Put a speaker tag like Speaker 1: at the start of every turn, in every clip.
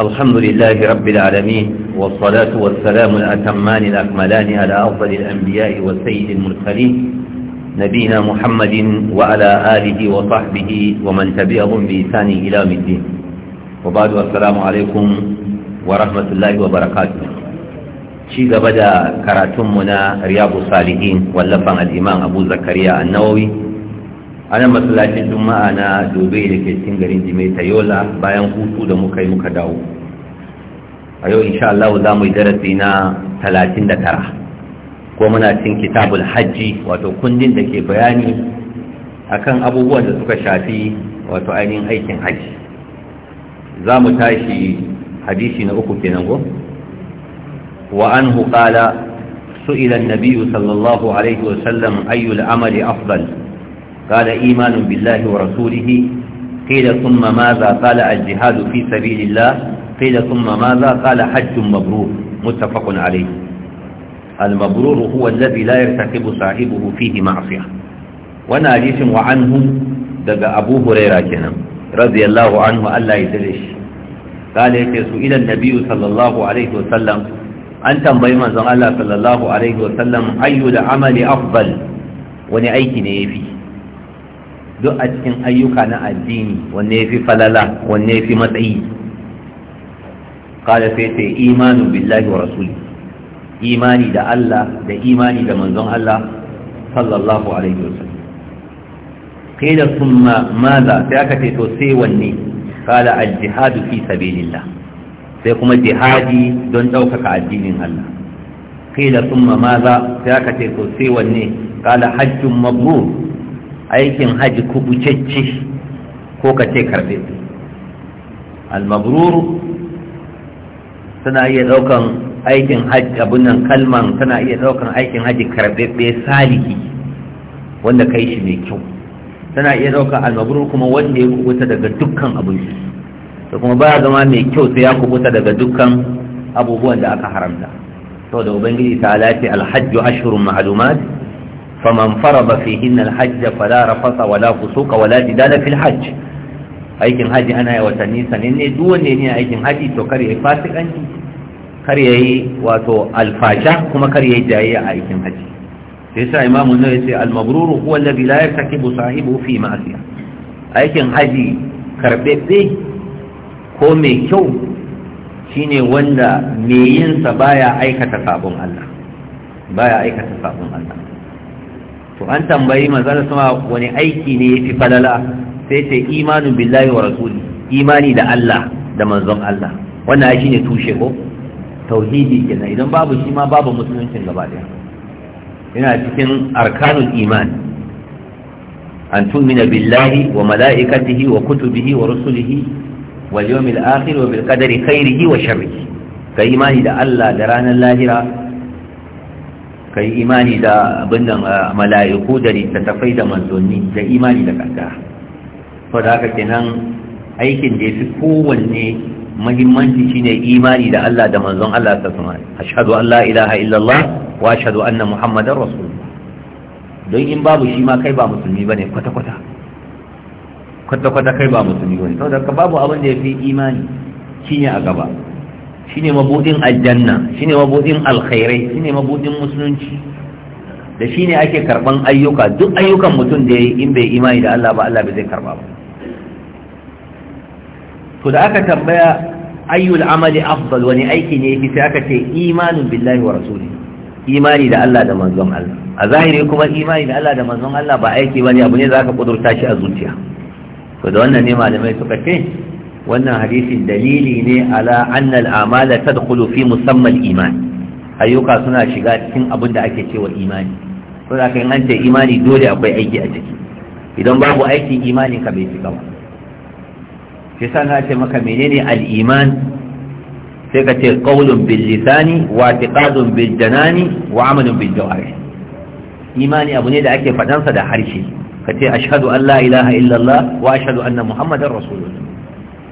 Speaker 1: الحمد لله رب العالمين والصلاة والسلام الأتمان الأكملان على أفضل الأنبياء والسيد المرسلين نبينا محمد وعلى آله وصحبه ومن تبعهم بإحسان إلى الدين وبعد السلام عليكم ورحمة الله وبركاته شيء بدأ كراتمنا رياض الصالحين واللفن الإمام أبو زكريا النووي ana masallacin juma'a na dobe da ke cikin garin jimai ta yola bayan hutu da muka yi muka dawo a yau insha Allah za mu yi darasi na talatin da tara ko muna cin kitabul hajji wato kundin da ke bayani akan abubuwan da suka shafi wato ainihin aikin hajji za mu tashi hadisi na uku kenan go wa anhu qala su an-nabiy sallallahu alaihi sallam ayyul amali afdal قال إيمان بالله ورسوله قيل ثم ماذا قال الجهاد في سبيل الله قيل ثم ماذا قال حج مبرور متفق عليه المبرور هو الذي لا يرتكب صاحبه فيه معصية وانا حديث وعنه دقى أبو هريرة كنا رضي الله عنه ألا يدلش قال سئل النبي صلى الله عليه وسلم أنت بيما زغال الله صلى الله عليه وسلم أي العمل أفضل ونأيك نيفي duk a cikin ayyuka na addini wanne ya fi falala wanne ya fi matsayi kada sai ce imanin billahi wa rasuli imani da Allah da imani da manzon Allah sallallahu alaihi wasallam qila thumma madha sai aka ce to sai wanne kala al-jihadu fi sabilillah sai kuma jihadi don daukaka addinin Allah qila thumma madha sai aka ce to sai wanne kala hajjun mabrur aikin haji kubucecce ko ka ce karbe almabruru tana iya daukan aikin haji abin nan kalman tana iya daukan aikin haji karbebe saliki wanda kai shi mai kyau tana iya daukan almabruru kuma wanda ya kubuta daga dukkan abin shi da kuma baya zama mai kyau sai ya kubuta daga dukkan abubuwan da aka haramta saboda ubangiji ta alati alhajju ashhurun ma'lumat faman farada fihin alhajj fala rafasa wala fusuka wala jidala fil hajj aikin haji ana yi watanni sanin ne duk wanda ne aikin haji to kar yayi fasikanci kar yayi wato alfasha kuma kar yayi jayayya a aikin haji sai sa imamu nawawi sai al-mabrur huwa alladhi la yartakibu sahibu fi ma'siyah aikin haji karbebbe ko mai kyau shine wanda mai yinsa baya aikata sabon Allah baya aikata sabon Allah to an tambayi manzon sama wani aiki ne yafi falala sai ce imanu billahi wa rasuli imani da Allah da manzon Allah wannan shi ne tushe ko tauhidi kenan idan babu shi ma babu musuluncin gaba daya yana cikin arkanul iman an tumina billahi wa mala'ikatihi wa kutubihi wa rusulihi wal yawmil akhir wa bil qadari khairihi wa sharrihi ka imani da Allah da ranar lahira ka yi imani da abin da mala'iku da littattafai da manzoni da imani da kanka to da haka kenan aikin da ya fi kowanne mahimmanci shine imani da Allah da manzon Allah ta sama ashhadu an la ilaha illallah wa ashhadu anna muhammadar rasulullah don in babu shi ma kai ba musulmi bane kwata kwata kwata kwata kai ba musulmi bane saboda ka babu abin da yafi imani shine a gaba shine mabudin aljanna shine mabudin alkhairai shine mabudin musulunci da shine ake karban ayyuka duk ayyukan mutum da yayi in bai imani da Allah ba Allah bai zai karba ba to da aka tambaya ayyul amali afdal wani aiki ne yafi sai aka ce imanun billahi wa rasuli imani da Allah da manzon Allah a zahiri kuma imani da Allah da manzon Allah ba aiki bane abu ne za ka kudurta shi a zuciya to da wannan ne malamai suka ce wannan hadisin dalili ne ala annal amala tadkhulu fi musammal iman ayyuka suna shiga cikin abin da ake cewa imani to da an ce imani dole akwai aiki a ciki idan babu aiki imanin ka bai cika ba shi sa na ce maka menene al-iman sai ka ce qawlun bil lisani wa i'tiqadun bil janani wa amalun bil imani abu ne da ake fadansa da harshe ka ce ashhadu an la ilaha illallah wa ashhadu anna muhammadar rasulullah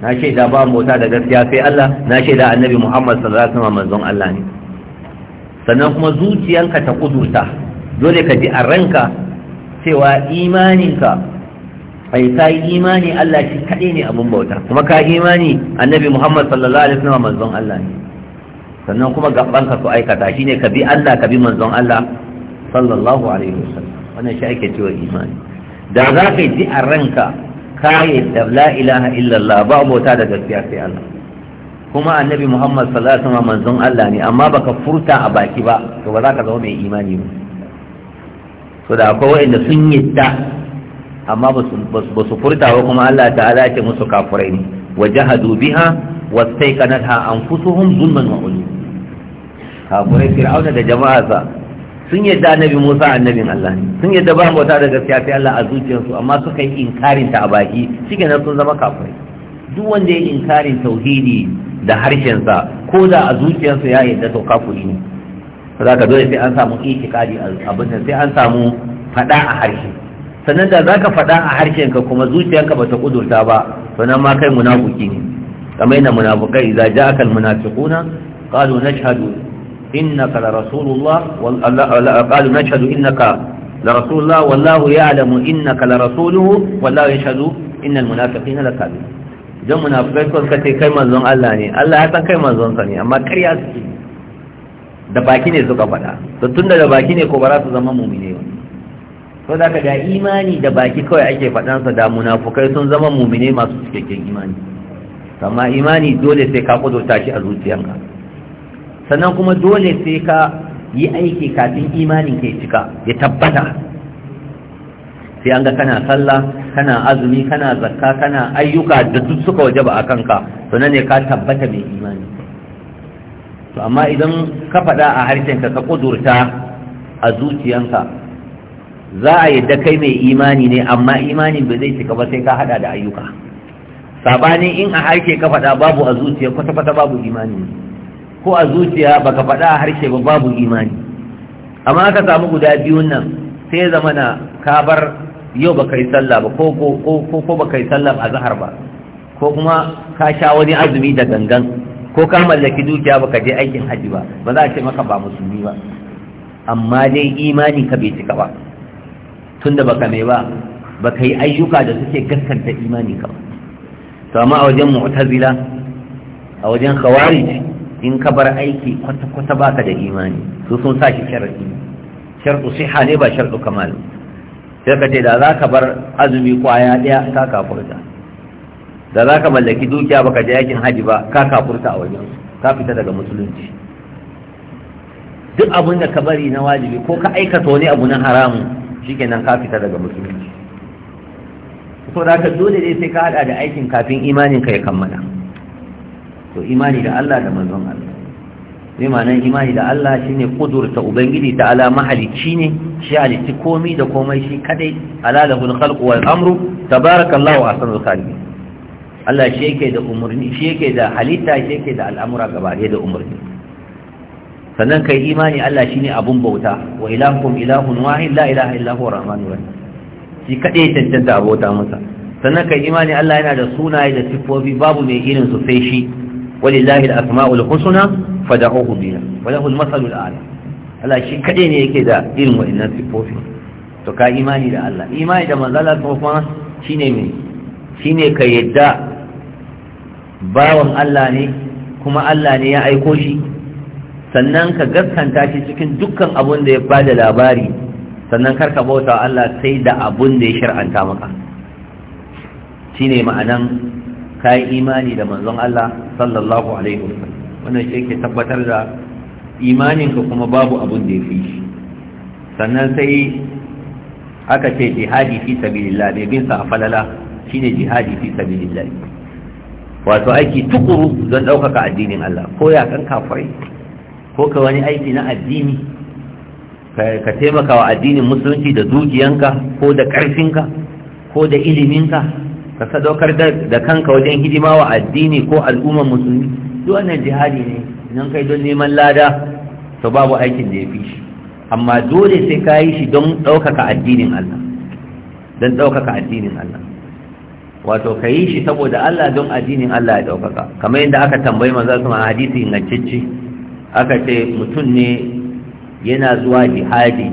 Speaker 1: na ce da ba mota da gaskiya sai Allah na ce da annabi Muhammad sallallahu alaihi wasallam manzon Allah ne sannan kuma zuciyanka ta kudurta dole ka ji a ranka cewa imaninka ai ka yi imani Allah shi kaɗai ne abin bauta kuma ka imani annabi Muhammad sallallahu alaihi wasallam manzon Allah ne sannan kuma gabanka su aikata shine ka bi Allah ka bi manzon Allah sallallahu alaihi wasallam wannan shi ake cewa imani da za ka ji a ranka kayi da la ilaha illallah ba bauta da gaskiya sai Allah kuma annabi Muhammad sallallahu alaihi wasallam manzon Allah ne amma baka furta a baki ba to ba za ka zama mai imani ba to da akwai wanda sun yadda amma ba su furta ba kuma Allah ta'ala ce musu kafurai ne wajahadu biha wastaiqanatha anfusuhum zulman wa ulum kafurai fir'auna da jama'arsa sun yadda annabi Musa annabin Allah ne sun yadda ba bauta da gaskiya sai Allah a zuciyarsu amma suka yi inkarin ta a baki nan sun zama kafirai duk wanda ya inkarin tauhidi da harshensa ko da a zuciyarsa ya yadda to kafiri ne ka dole sai an samu itikadi abin da sai an samu fada a harshe sannan da zaka fada a harshenka kuma zuciyarka ta kudurta ba to nan ma kai munafiki ne kamar yana munafikai idza ja'aka al-munafiquna qalu nashhadu إنك لرسول الله قالوا نشهد إنك لرسول الله والله يعلم إنك لرسوله والله يشهد إن المنافقين لكاذبون idan munafikai suka suka ce kai manzon Allah ne Allah ya san kai manzon sa ne amma ƙarya suke da baki ne suka faɗa to tunda da baki ne ko ba za su zama mumine ba to da da imani da baki kawai ake faɗansa da munafukai sun zama mumine masu cikakken imani amma imani dole sai ka kudurta shi a zuciyarka. sannan kuma dole sai ka yi aiki kafin imanin ka cika ya tabbata sai an ga kana sallah kana azumi kana zakka kana ayyuka da duk suka waje ba a kanka sannan ne ka tabbata mai imani to amma idan ka faɗa a harshenka ka ƙudurta a zuciyanka za a yadda kai mai imani ne amma imanin ba zai cika ba sai ka haɗa da ayyuka sabanin in a harshe ka faɗa babu a zuciya kwata-kwata babu imani ne ko a zuciya baka faɗa a harshe ba babu imani amma aka samu guda biyun nan sai zama na ka bar yau baka yi sallah ba ko baka yi sallah a zahar ba ko kuma ka sha wani azumi da gangan ko ka mallaki dukiya baka je aikin haji ba ba za a ce maka ba musulmi ba amma dai imani ka bai cika ba tunda baka mai ba baka yi ayyuka da suke gaskanta imani ka ba to amma a wajen mu'tazila a wajen khawarij in ka bar aiki kwata-kwata baka da imani su sun sa shi sharaɗi sharɗu siha ne ba sharɗu kamal sai ka ce da za ka bar azumi kwaya ɗaya ka kafurta da za ka mallaki dukiya ka je yakin haji ba ka kafurta a wajen ka fita daga musulunci duk abin da ka bari na wajibi ko ka aikata wani abu na haramun shikenan ka fita daga musulunci so da ka dole ne sai ka hada da aikin kafin imanin ka ya kammala to imani da Allah da manzon Allah ne ma'anar imani da Allah shine ta ubangiji ta ala mahalicci ne shi halicci komai da komai shi kadai alalahul khalqu wal amru tabarakallahu ahsanul khaliqin Allah shi yake da umurni shi yake da halitta shi yake da al'amura gaba da umurni sannan kai imani Allah shine abun bauta wa ilahukum ilahun wahid la ilaha illa huwa rahmanur rahim shi kadai tantanta abota masa sannan kai imani Allah yana da sunaye da sifofi babu mai irin su sai shi walillahi al-asma'ul husna fad'uhu biha wa lahu al-masalul a'la Allah shi kade ne yake da irin wa'annan sifofi to ka imani da Allah imani da manzala to shine me shine ka yadda bawan Allah ne kuma Allah ne ya aiko shi sannan ka gaskanta shi cikin dukkan abun da ya da labari sannan kar ka bauta Allah sai da abun da ya shar'anta maka shine ma'anan kai imani da manzon Allah sallallahu alaihi wasallam wannan shi yake tabbatar da imaninka kuma babu abun da yafi shi sannan sai aka ce jihadi fi sabilillah bai bin sa a falala shine jihadi fi sabilillah wato aiki tukuru don ɗaukaka addinin Allah ko ya kan kafirai ko ka wani aiki na addini ka taimaka wa addinin musulunci da dukiyanka ko da ƙarfinka ko da iliminka ka sadaukar da kanka wajen hidima wa addini ko al'ummar musulmi duk wannan jihadi ne idan kai don neman lada to babu aikin da ya fi shi amma dole sai ka yi shi don ɗaukaka addinin Allah don ɗaukaka addinin Allah wato ka yi shi saboda Allah don addinin Allah ya ɗaukaka kamar yadda aka tambayi maza su ma hadisi ingantacce aka ce mutum ne yana zuwa jihadi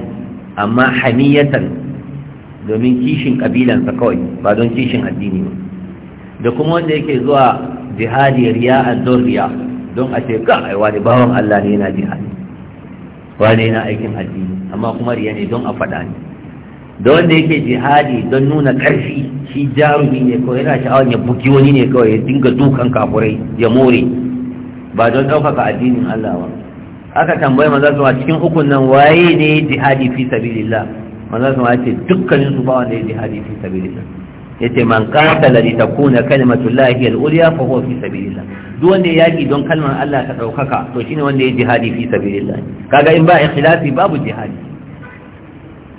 Speaker 1: amma hamiyatan domin kishin kabilansa kawai ba don kishin addini ba da kuma wanda yake zuwa jihadi riya don riya don a ce ka wani bawan Allah ne yana jihadi Wani yana aikin addini amma kuma riya ne don a faɗa ne da wanda yake jihadi don nuna ƙarfi shi jarumi ne kawai yana sha'awar ya buki wani ne kawai ya dinga dukan kafurai ya more ba don ɗaukaka addinin Allah ba Haka tambaye maza su a cikin ukun nan waye ne jihadi fi sabilillah wannan sama ya ce dukkanin su ba wanda ya jihadi fi sabilillah yace man qatala li takuna llahi al-ulya fa huwa fi sabilillah duk wanda ya yi don kalmar Allah ta daukaka to shine wanda ya jihadi fi sabilillah kaga in ba ikhlasi babu jihadi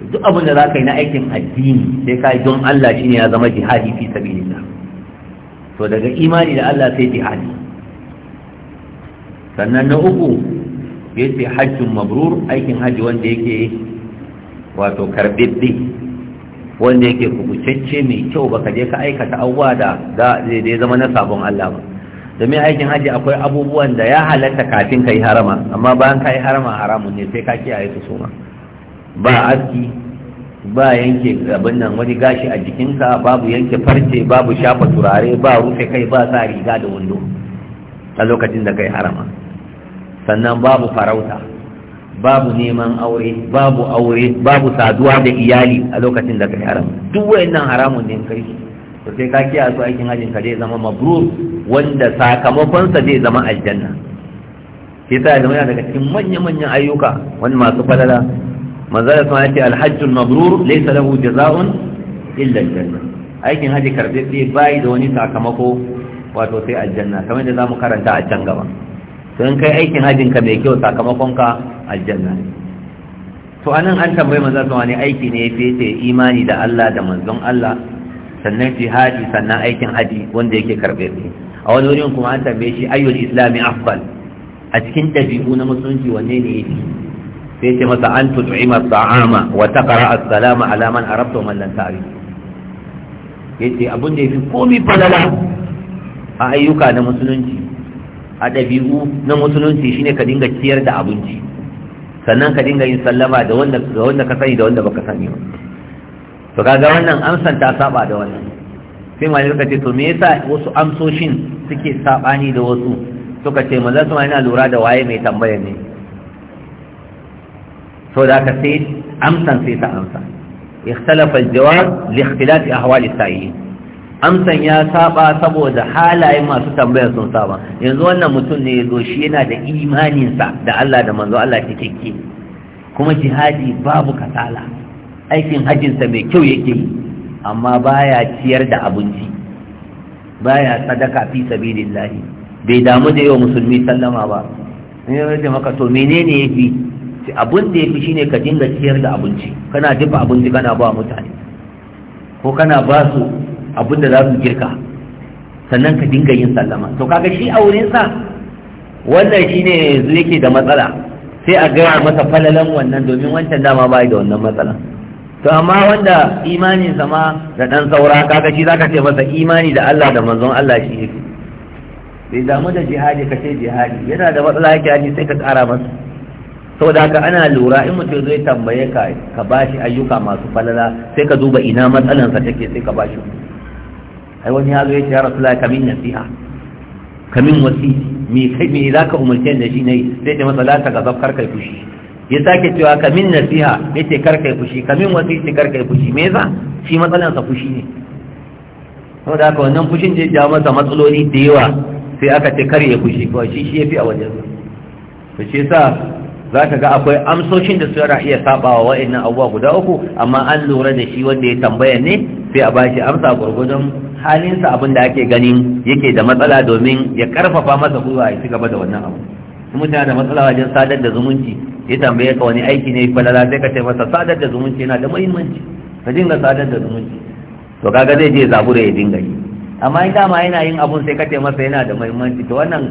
Speaker 1: duk abin da zaka yi na aikin addini sai ka yi don Allah shine ya zama jihadi fi sabilillah to daga imani da Allah sai jihadi sannan na uku yace hajjun mabrur aikin haji wanda yake wato karbiddi wanda yake kubutacce mai kyau ba ka je ka aikata abubuwa da zai zama na sabon Allah ba domin aikin hajji akwai abubuwan da ya halatta kafin ka yi harama amma bayan ka yi harama haramun ne sai ka kiyaye su suna ba aski ba yanke abin nan wani gashi a jikinka babu yanke farce babu shafa turare ba rufe kai ba sa riga da wando a lokacin da ka yi harama sannan babu farauta babu neman aure babu aure babu saduwa da iyali a lokacin da kai haram duk wayannan haramun ne kai to sai ka kiyaye su aikin hajjin ka zai zama mabrur wanda sakamakon sa zai zama aljanna shi yasa zama yana daga cikin manya manyan ayyuka wani masu falala manzala sun yace alhajjul mabrur laysa lahu jazaa'un illa aljanna aikin hajji karbe sai bai da wani sakamako wato sai aljanna kamar da zamu karanta a can gaba don kai aikin hajjin ka mai kyau sakamakon ka aljanna to anan an tambayi manzon sama ne aiki ne ya fete imani da Allah da manzon Allah sannan jihadi sannan aikin haji wanda yake karbe a wani wurin kuma an tambaye shi ayyul islami afdal a cikin dabi'u na musulunci wanne ne yake sai ce masa an tut'ima ta'ama wa taqra as-salama ala man arabta man lam ta'rif yace abun da yafi komai falala a ayyuka na musulunci a ɗabi'u na musulunci shine ka dinga ciyar da abinci sannan ka dinga yin sallama da wanda ka sani da wanda baka sani ba to kaga wannan amsan ta saba da wannan sai malai suka ce to me yasa wasu amsoshin suke sabani da wasu suka ce manzo sama yana lura da waye mai tambaya ne so da ka sai amsan sai ta amsa ikhtalafa al-jawab li ikhtilafi ahwali sailin amsan ya saba saboda halaye masu tambayar sun saba yanzu wannan mutum ne yazo shi yana da imaninsa da Allah da manzo Allah ke kike kuma jihadi babu kasala aikin hajjinsa mai kyau yake yi amma baya ciyar da abinci baya sadaka fi sabilillahi bai damu da yau musulmi sallama ba in yi da maka to menene yafi abin da yafi shine ka dinga ciyar da abinci kana dafa abinci kana ba mutane ko kana ba su abin da za su girka sannan ka dinga yin sallama to kaga shi a wurinsa wannan shi ne yanzu yake da matsala sai a gaya masa falalan wannan domin wancan dama ba da wannan matsala to amma wanda imaninsa ma da ɗan saura kaga shi zaka ce masa imani da Allah da manzon Allah shi yake bai damu da jihadi ka ce jihadi yana da matsala yake ani sai ka kara masa saboda haka ana lura in mutum zai tambaye ka ka bashi ayyuka masu falala sai ka duba ina matsalansa take sai ka bashi ai wani ya zo ya ce ya rasu kamin nasiha kamin wasi me kai me za ka umarce da shi na yi? sai ce masa lata ga zafkar kai fushi ya sake cewa kamin nasiha ya ce kar kai fushi kamin wasi ce kar kai fushi me yasa shi matsalansa fushi ne saboda haka wannan fushin da ya jawo masa matsaloli da yawa sai aka ce kar ya fushi kawai shi shi ya fi a wajen to shi yasa za ka ga akwai amsoshin da yana iya sabawa wa'annan abubuwa guda uku amma an lura da shi wanda ya tambaya ne sai a bashi amsa gwargwadon. halinsa abin da ake ganin yake da matsala domin ya karfafa masa gwiwa ya ci gaba da wannan abu kuma mutum da matsala wajen sadar da zumunci ya tambaye ka wani aiki ne falala sai ka ce masa sadar da zumunci yana da muhimmanci ka dinga sadar da zumunci to kaga zai je zabura ya dinga yi amma in dama yana yin abun sai ka ce masa yana da muhimmanci to wannan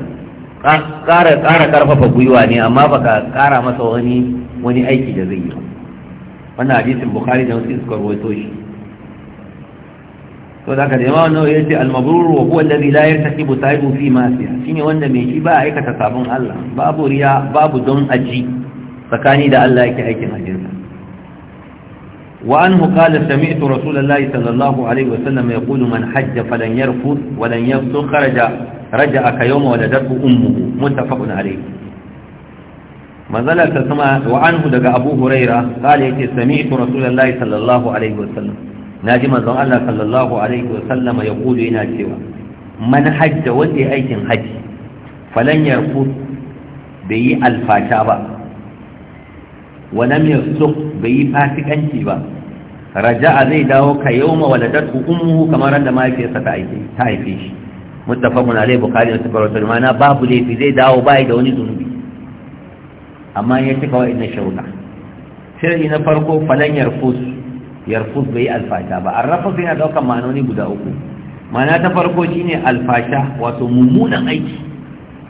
Speaker 1: ƙara ƙara karfafa gwiwa ne amma baka ƙara masa wani wani aiki da zai yi wannan hadisin bukhari da muslim suka rawaito shi to da ka da imam ya ce al-mabrur wa huwa alladhi la yartakibu sahibu fi ma'siya shine wanda mai shi ba aikata sabon Allah babu riya babu don aji tsakani da Allah yake aikin ajinsa وعنه قال سمعت sallallahu alaihi صلى الله عليه وسلم يقول من حج فلن يرفض ولن يفسق خرج رجع كيوم ولدته أمه متفق عليه مازال تسمع وعنه دقى أبو هريرة قال يتي سمعت رسول الله صلى الله عليه وسلم na ji manzon Allah sallallahu alaihi wa sallama ya kudu yana cewa man hajja wanda ya aikin haji falan ya kudu bai yi alfata ba walam ya suk bai yi fasikanci ba raja'a zai dawo ka yau ma waladar ummuhu kamar da mahaifiyarsa ta haife shi Mustapha muttafaqun alaihi bukhari da sahih mana babu laifi zai dawo bai da wani zunubi amma ya cika wa'annan sharuɗa sai na farko falan yarfus yarfus bai alfasha ba sai yana daukan ma'anoni guda uku Mana ta farko shine alfasha wato mummunan aiki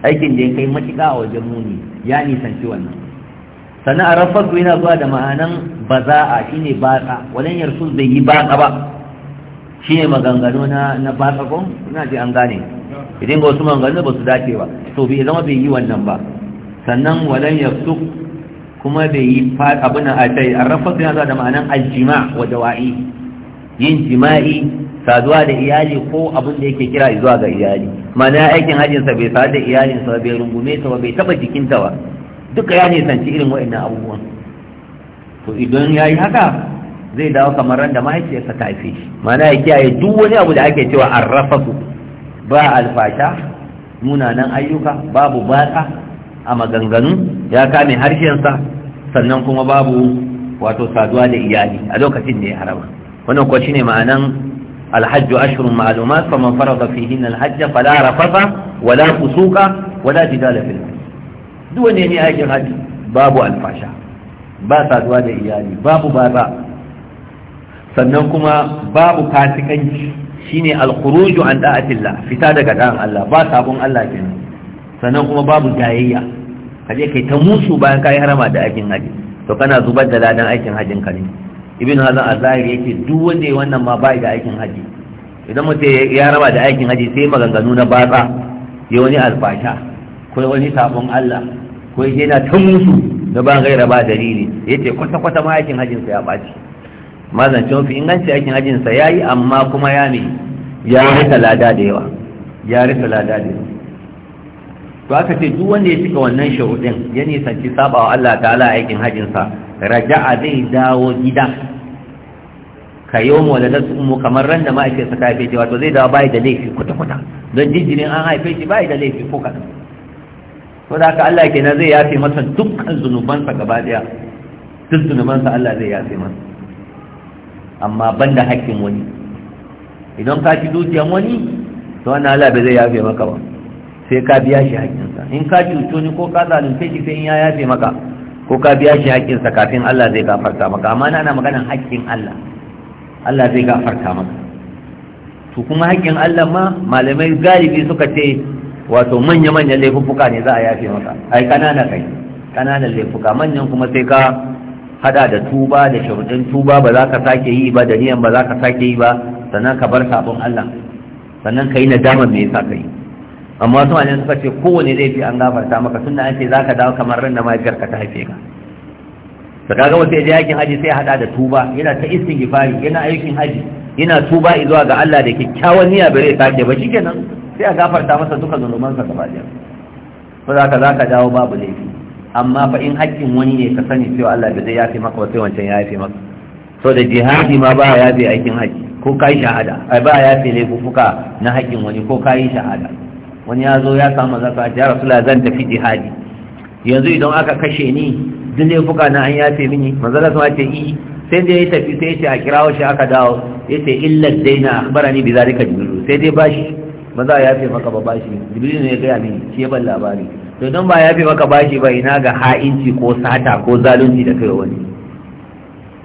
Speaker 1: aikin da ya kai matuƙa a wajen muni ya nisanci wannan sannan arrafus yana zuwa da ma'anan baza'a shine batsa wannan yarfus bai yi batsa ba shine maganganu na na batsa ko ina ji an gane idan ga wasu maganganu ba su dace ba to bai zama bai yi wannan ba sannan walan yafsuq kuma da yi abin a rafa su yana da ma'anan aljima wa jawa'i yin jima'i saduwa da iyali ko abin da yake kira zuwa ga iyali mana aikin hajjin sa bai sadu da iyalin sa bai rungume ta ba bai taba jikinta ba duka ya ne irin wa'annan abubuwan to idan ya yi haka zai dawo kamar ran da mahaifiyarsa ta fi mana ya kiyaye duk wani abu da ake cewa su, ba alfasha munanan ayyuka babu batsa a maganganu ya kame harshensa sannan kuma babu wato saduwa da iyali a lokacin da ya harama wannan kuwa shine ma'anan alhajju ashrun ma'lumat faman farada fihin alhajj fala rafasa wala fusuka wala jidala fil duk wanda ya yi aikin hajji babu alfasha ba saduwa da iyali babu baza. sannan kuma babu fasikanci shine alkhuruju an da'atillah fita daga da'an Allah ba sabon Allah kenan sannan kuma babu jayayya kaje kai ta musu bayan kai harama da aikin haji to kana zubar da ladan aikin hajin ka ne ibn hazan azahiri yake duk wanda ya wannan ma bai da aikin haji idan mutum ya harama da aikin haji sai maganganu na batsa ya wani alfasha ko wani sabon Allah ko yana ta musu da ba gaira ba dalili yace kwata kwata ma aikin hajin sa ya baci mazancin fi inganci aikin hajin sa yayi amma kuma ya ne ya rika lada da yawa ya rika lada da yawa to aka ce duk wanda ya cika wannan sharuɗin ya nisanci saba wa Allah ta'ala aikin hajjinsa raja'a zai dawo gida ka yi yau mawalalar su umu kamar ran da ma'aikai suka haife shi wato zai dawo bai da laifi kwata-kwata don jinjirin an haife shi bai da laifi ko kaɗan ko da haka Allah kenan zai yafe masa dukkan zunubansa gaba ɗaya duk zunubansa Allah zai yafe masa amma ban da haƙƙin wani idan ka ci dukiyan wani to wannan Allah bai zai yafe maka ba sai ka biya shi haƙƙinsa in ka cuto ni ko ka zalunce shi sai in ya yafe maka ko ka biya shi haƙƙinsa kafin Allah zai gafarta maka amma na ana maganar haƙƙin Allah Allah zai gafarta maka to kuma haƙƙin Allah ma malamai galibi suka ce wato manya manyan laifuffuka ne za a yafe maka ai kanana kai kananan laifuka manyan kuma sai ka hada da tuba da sharuɗin tuba ba za ka sake yi ba da niyan ba za ka sake yi ba sannan ka bar sabon Allah sannan ka yi nadama me yasa ka yi amma wasu wani suka ce kowane laifi an gafarta maka sunna an ce za ka dawo kamar ran da mahaifiyarka ta haife ka da kaga wasu yaje yakin haji sai hada da tuba yana ta istighfari yana aikin haji yana tuba zuwa ga Allah da kyakkyawan niyya bare ta ke ba shikenan sai a gafarta masa duka sa gaba ɗaya ko za ka za ka dawo babu laifi amma fa in haƙƙin wani ne ka sani cewa Allah bai zai yafe maka ba sai wancan ya yafe maka so da jihadi ma ba ya yafe aikin haji ko kai shahada ai ba ya yafe laifuka na haƙƙin wani ko kai shahada wani ya zo ya samu zaka ya rasula zan tafi jihadi yanzu idan aka kashe ni duk laifuka na an yafe mini manzala sun ce i sai dai ya tafi sai ya ce a kirawo shi aka dawo ya ce illa daina akhbarani bi zalika jibril sai dai bashi maza ya yafe maka ba bashi jibril ne ya gaya mini shi ban labari to don ba ya yafe maka bashi ba ina ga ha'inci ko sata ko zalunci da kai wani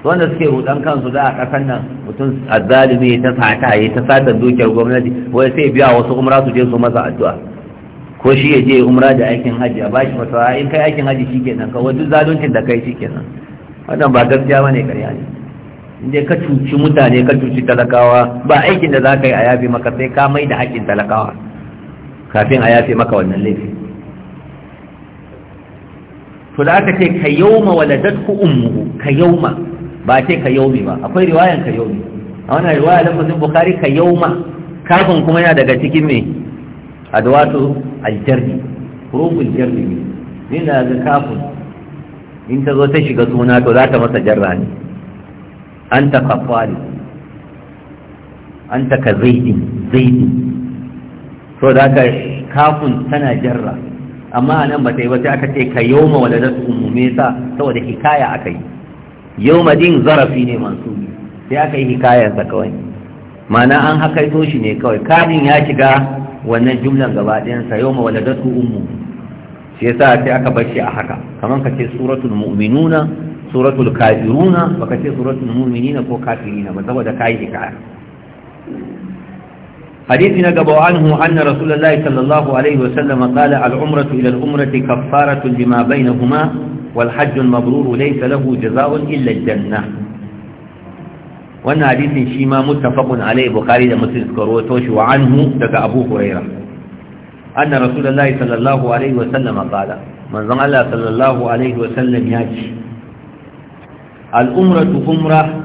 Speaker 1: wanda suke rudan kansu da a kasan nan mutum a azzalimi ta sata ya ta sata dukiyar gwamnati wai sai biya wasu umra su je su masa addu'a ko shi ya je umra da aikin haji a bashi fatawa in kai aikin haji shikenan ka wani zaluncin da kai shikenan wannan ba gaskiya bane karya ne inda ka cuci mutane ka cuci talakawa ba aikin da za ka yi a yafe maka sai ka mai da haƙƙin talakawa kafin a yafe maka wannan laifi to da aka ce ka yauma waladat ku ummu ka yauma ba ce ka yaumi ba akwai riwayan ka yaumi a wannan riwaya lafazin bukari ka yauma kafin kuma yana daga cikin mai, adwatu aljarbi huruful jarbi ne ni da ga kafin in ta zo ta shiga suna to za ta masa jarra ne an ta kafari an ta ka zaidin zaidin so da ka kafin tana jarra amma a nan ba ta yi ba sai aka ce ka yoma waladatu umume sa saboda hikaya aka yi yau madin zarafi ne mansubi sai aka yi hikayarsa kawai mana an hakaito shi ne kawai kanin ya shiga wannan jumlan gaba ɗayansa yau ma waladatu ummu shi yasa sai aka bar shi a haka kamar ka ce suratul mu'minuna suratul kafiruna baka ce suratul mu'minina ko kafirina ba saboda kai hikaya حديث نقب عنه أن رسول الله صلى الله عليه وسلم قال العمرة إلى العمرة كفارة لما بينهما والحج المبرور ليس له جزاء إلا الجنة hadisin shi ma muttafaqun alai bukhari da muslim suka rawaito shi wa anhu daga abu huraira anna rasulullahi sallallahu alaihi wa sallam qala manzon Allah sallallahu alaihi wa sallam ya ce al umratu umra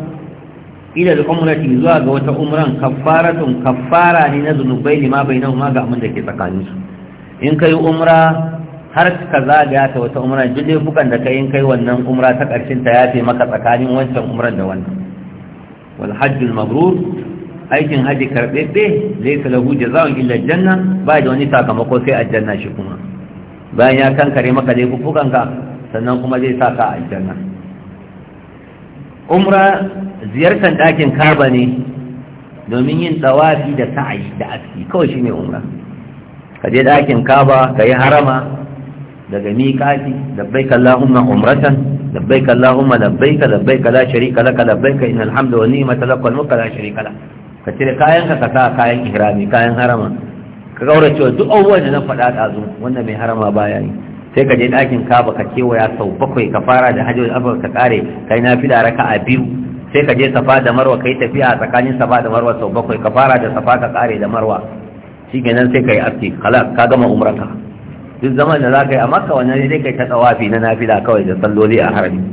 Speaker 1: ila al umrati zuwa ga wata umran kaffaratun kaffara ne na zunubai ne ma bainahuma ga abin da ke tsakaninsu in kai umra har ka zagaya ta wata umra duk laifukan da kayin kai wannan umra ta ƙarshen ta yafe maka tsakanin wancan umran da wannan wal al mabrur aikin haji karɓeɓɓe laysa lahu jazaa'un illa janna ba da wani sakamako sai aljanna shi kuma bayan ya kankare maka laifukan ka sannan kuma zai saka aljanna umra ziyartar dakin kaba ne domin yin tsawafi da sa'ayi da aski kawai shine umra ka je ɗakin kaba ka yi harama daga miƙati labbaik allahumma umratan labbaik allahumma labbaik labbaik la sharika laka labbaik innal hamda wa ni'mata lak wal mulku la sharika lak ka cire kayan ka ka kayan ihrami kayan harama ka gaura cewa duk abubuwan da na faɗa ɗazu wanda mai harama baya yi sai ka je ɗakin ka baka kewaya sau bakwai ka fara da hajjojin abubuwa ka kare kai na fi da raka a biyu sai ka je safa da marwa kai tafiya a tsakanin safa da marwa sau bakwai ka fara da safa ka kare da marwa shi kenan sai ka yi afti kala ka gama umranka duk zaman da za ka yi a wani ne dai kai ta tsawafi na nafila kawai da salloli a harami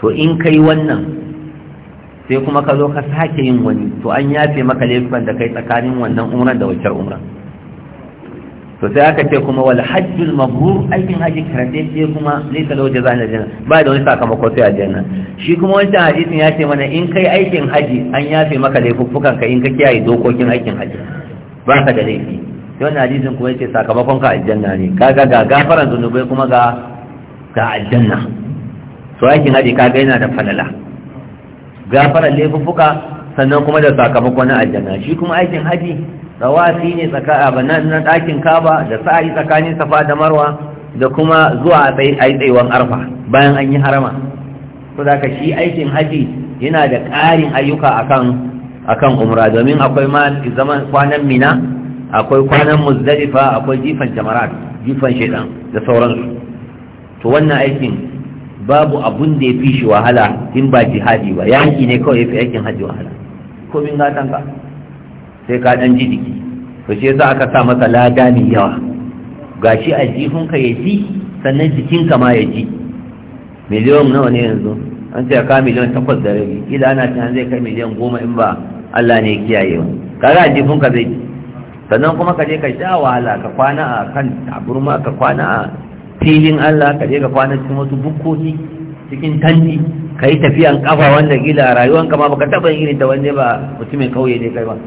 Speaker 1: to in kai wannan sai kuma ka zo ka sake yin wani to an yafe maka laifukan da kai tsakanin wannan umran da wancan umran to sai aka ce kuma wal hajjul mabrur aikin haji karate sai kuma laysa lahu zan aljanna ba da wani sakamako sai aljanna shi kuma wancan hadisin ya ce mana in kai aikin haji an yafe maka laifukan ka in ka kiyaye dokokin aikin haji ba ka da laifi yawan hadisin kuma yake sakamakon ka aljanna ne kaga ga gafaran zunubai kuma ga ga aljanna so aikin hadi kaga yana da falala gafaran laifuffuka sannan kuma da sakamakon na aljanna shi kuma aikin hadi tsawafi ne tsaka na ɗakin kaba da sa'ayi tsakanin safa da marwa da kuma zuwa a tsaiwan arfa bayan an yi harama to da shi aikin hadi yana da ƙarin ayyuka akan akan umra domin akwai ma zaman kwanan mina akwai kwanan muzdalifa akwai jifan jamarat jifan shaidan da sauransu to wannan aikin babu abun da ya fi shi wahala in ba jihadi ba yaki ne kawai ya fi aikin hajji wahala komin gatan ka sai ka dan ji jiki to shi yasa aka sa masa lada mai yawa gashi a jihunka ya ji sannan jikinka ma ya ji Miliyon nawa ne yanzu an ce ka miliyon takwas da rabi ila ana tunanin zai kai miliyon goma in ba Allah ne ya kiyaye wa kaga a ka zai ji sannan kuma ka je ka sha wahala ka kwana a kan taburma ka kwana a filin Allah ka je ka kwana cikin wasu bukkoki cikin tanti, ka yi tafiyan kafa wanda gila rayuwanka ma baka taɓa irin da wanda ba mutumin kauye ne kai ba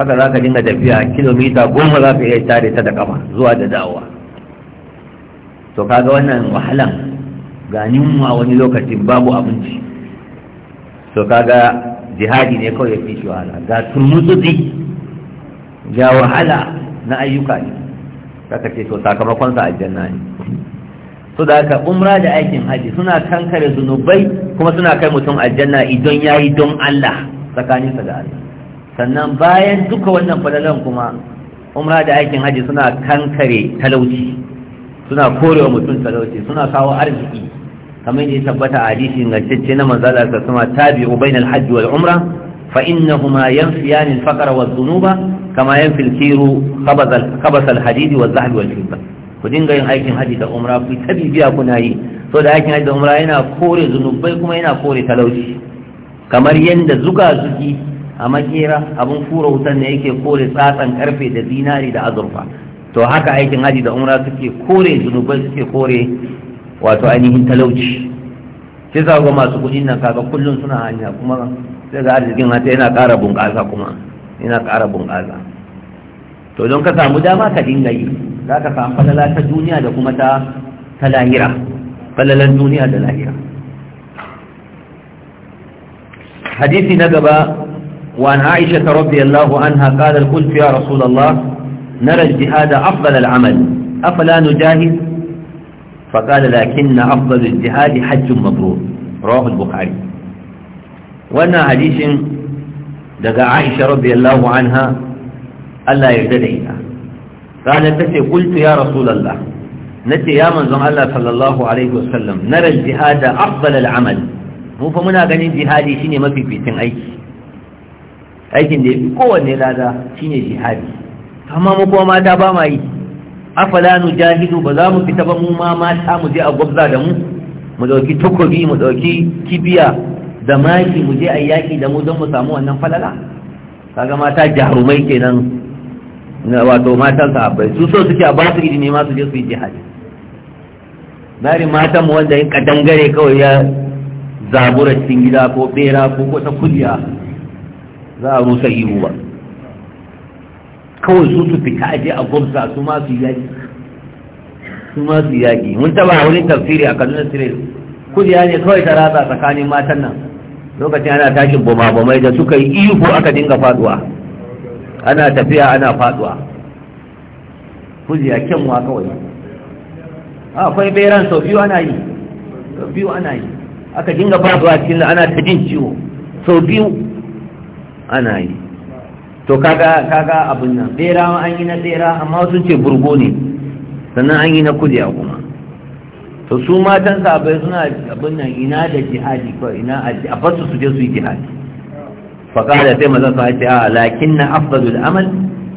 Speaker 1: haka za ka dinga tafiya kilomita goma za ka iya tare ta da kafa zuwa da dawowa to kaga wannan wahalan ganin a wani lokacin babu abinci to kaga jihadi ne kawai ya fi shi wahala ga turmutsutsi ga wahala na ayyuka ne kaka ce to sakamakon sa aljanna ne Su da haka umra da aikin haji suna kankare zunubai kuma suna kai mutum aljanna idan yayi don Allah tsakaninsa da Allah sannan bayan duka wannan fadalan kuma umra da aikin haji suna kankare talauci suna korewa mutum talauci suna kawo arziki kamar yadda ya tabbata a hadisi ingantacce na manzala ta sama tabi'u bainal hajji wal umra فإنهما ينفيان الفقر والذنوب كما ينفي الكير خبث الحديد والزحل والفضة kudin yin aikin haji da umra ku ta bibiya kuna yi so da aikin haji da umra yana kore zunubai kuma yana kore talauci kamar yadda zuga zuki a makera abin fura wutan ne yake kore tsatsan karfe da zinari da azurfa to haka aikin haji da umra suke kore zunubai suke kore wato ainihin talauci sai ga masu kudin nan kaga kullum suna hanya kuma sai ga arzikin hata yana ƙara bunƙasa kuma yana ƙara bunƙasa to don ka samu dama ka dinga yi za ka samu falala ta duniya da kuma ta lahira falalan duniya da lahira hadisi na gaba وعن عائشة رضي الله عنها قال قلت يا رسول الله نرى الجهاد أفضل العمل أفلا نجاهد فقال na أفضل jihadi حج مبرور رواه البخاري wannan hadisin daga Aisha radiyallahu anha Allah ya yarda da ita ranar ta ce qultu ya Na ce ya manzon Allah sallallahu alaihi wasallam nara al-jihad afdal al mu fa muna ganin jihadi shine mafificin aiki aikin da yafi kowanne lada shine jihadi amma mu kuma mata ba ma yi afala nujahidu ba za mu fita ba mu ma mata mu je a gwabza da mu mu dauki takobi mu dauki kibiya da maki mu je a da mu don mu samu wannan falala kaga mata jarumai kenan wato matan sahabbai su so suke a ba su ilimi ma su je su yi jihadi bari matan mu wanda in kadangare kawai ya zabura cikin gida ko bera ko ta kudiya, za a rusa ihu ba kawai su su fita aje a gomsa su ma su yaki su ma su yaki mun taba wurin tafsiri a kaduna sirri kudiya ne kawai ta ratsa tsakanin matan nan lokacin ana tashin bumabumai da suka yi ihu aka dinga faduwa ana tafiya ana faduwa kujiya kyanwa kawai akwai beran sau biyu ana yi sau biyu ana yi aka dinga faduwa cikin ana ta jin ciwo sau biyu ana yi to kaga kaga abin nan bera an yi na bera amma sun ce burgo ne sannan an yi na kujiya kuma to su matan sahabbai suna abin nan ina da jihadi ko ina a basu su je su yi jihadi fa qala sai manzon sa ce a lakinna afdalul amal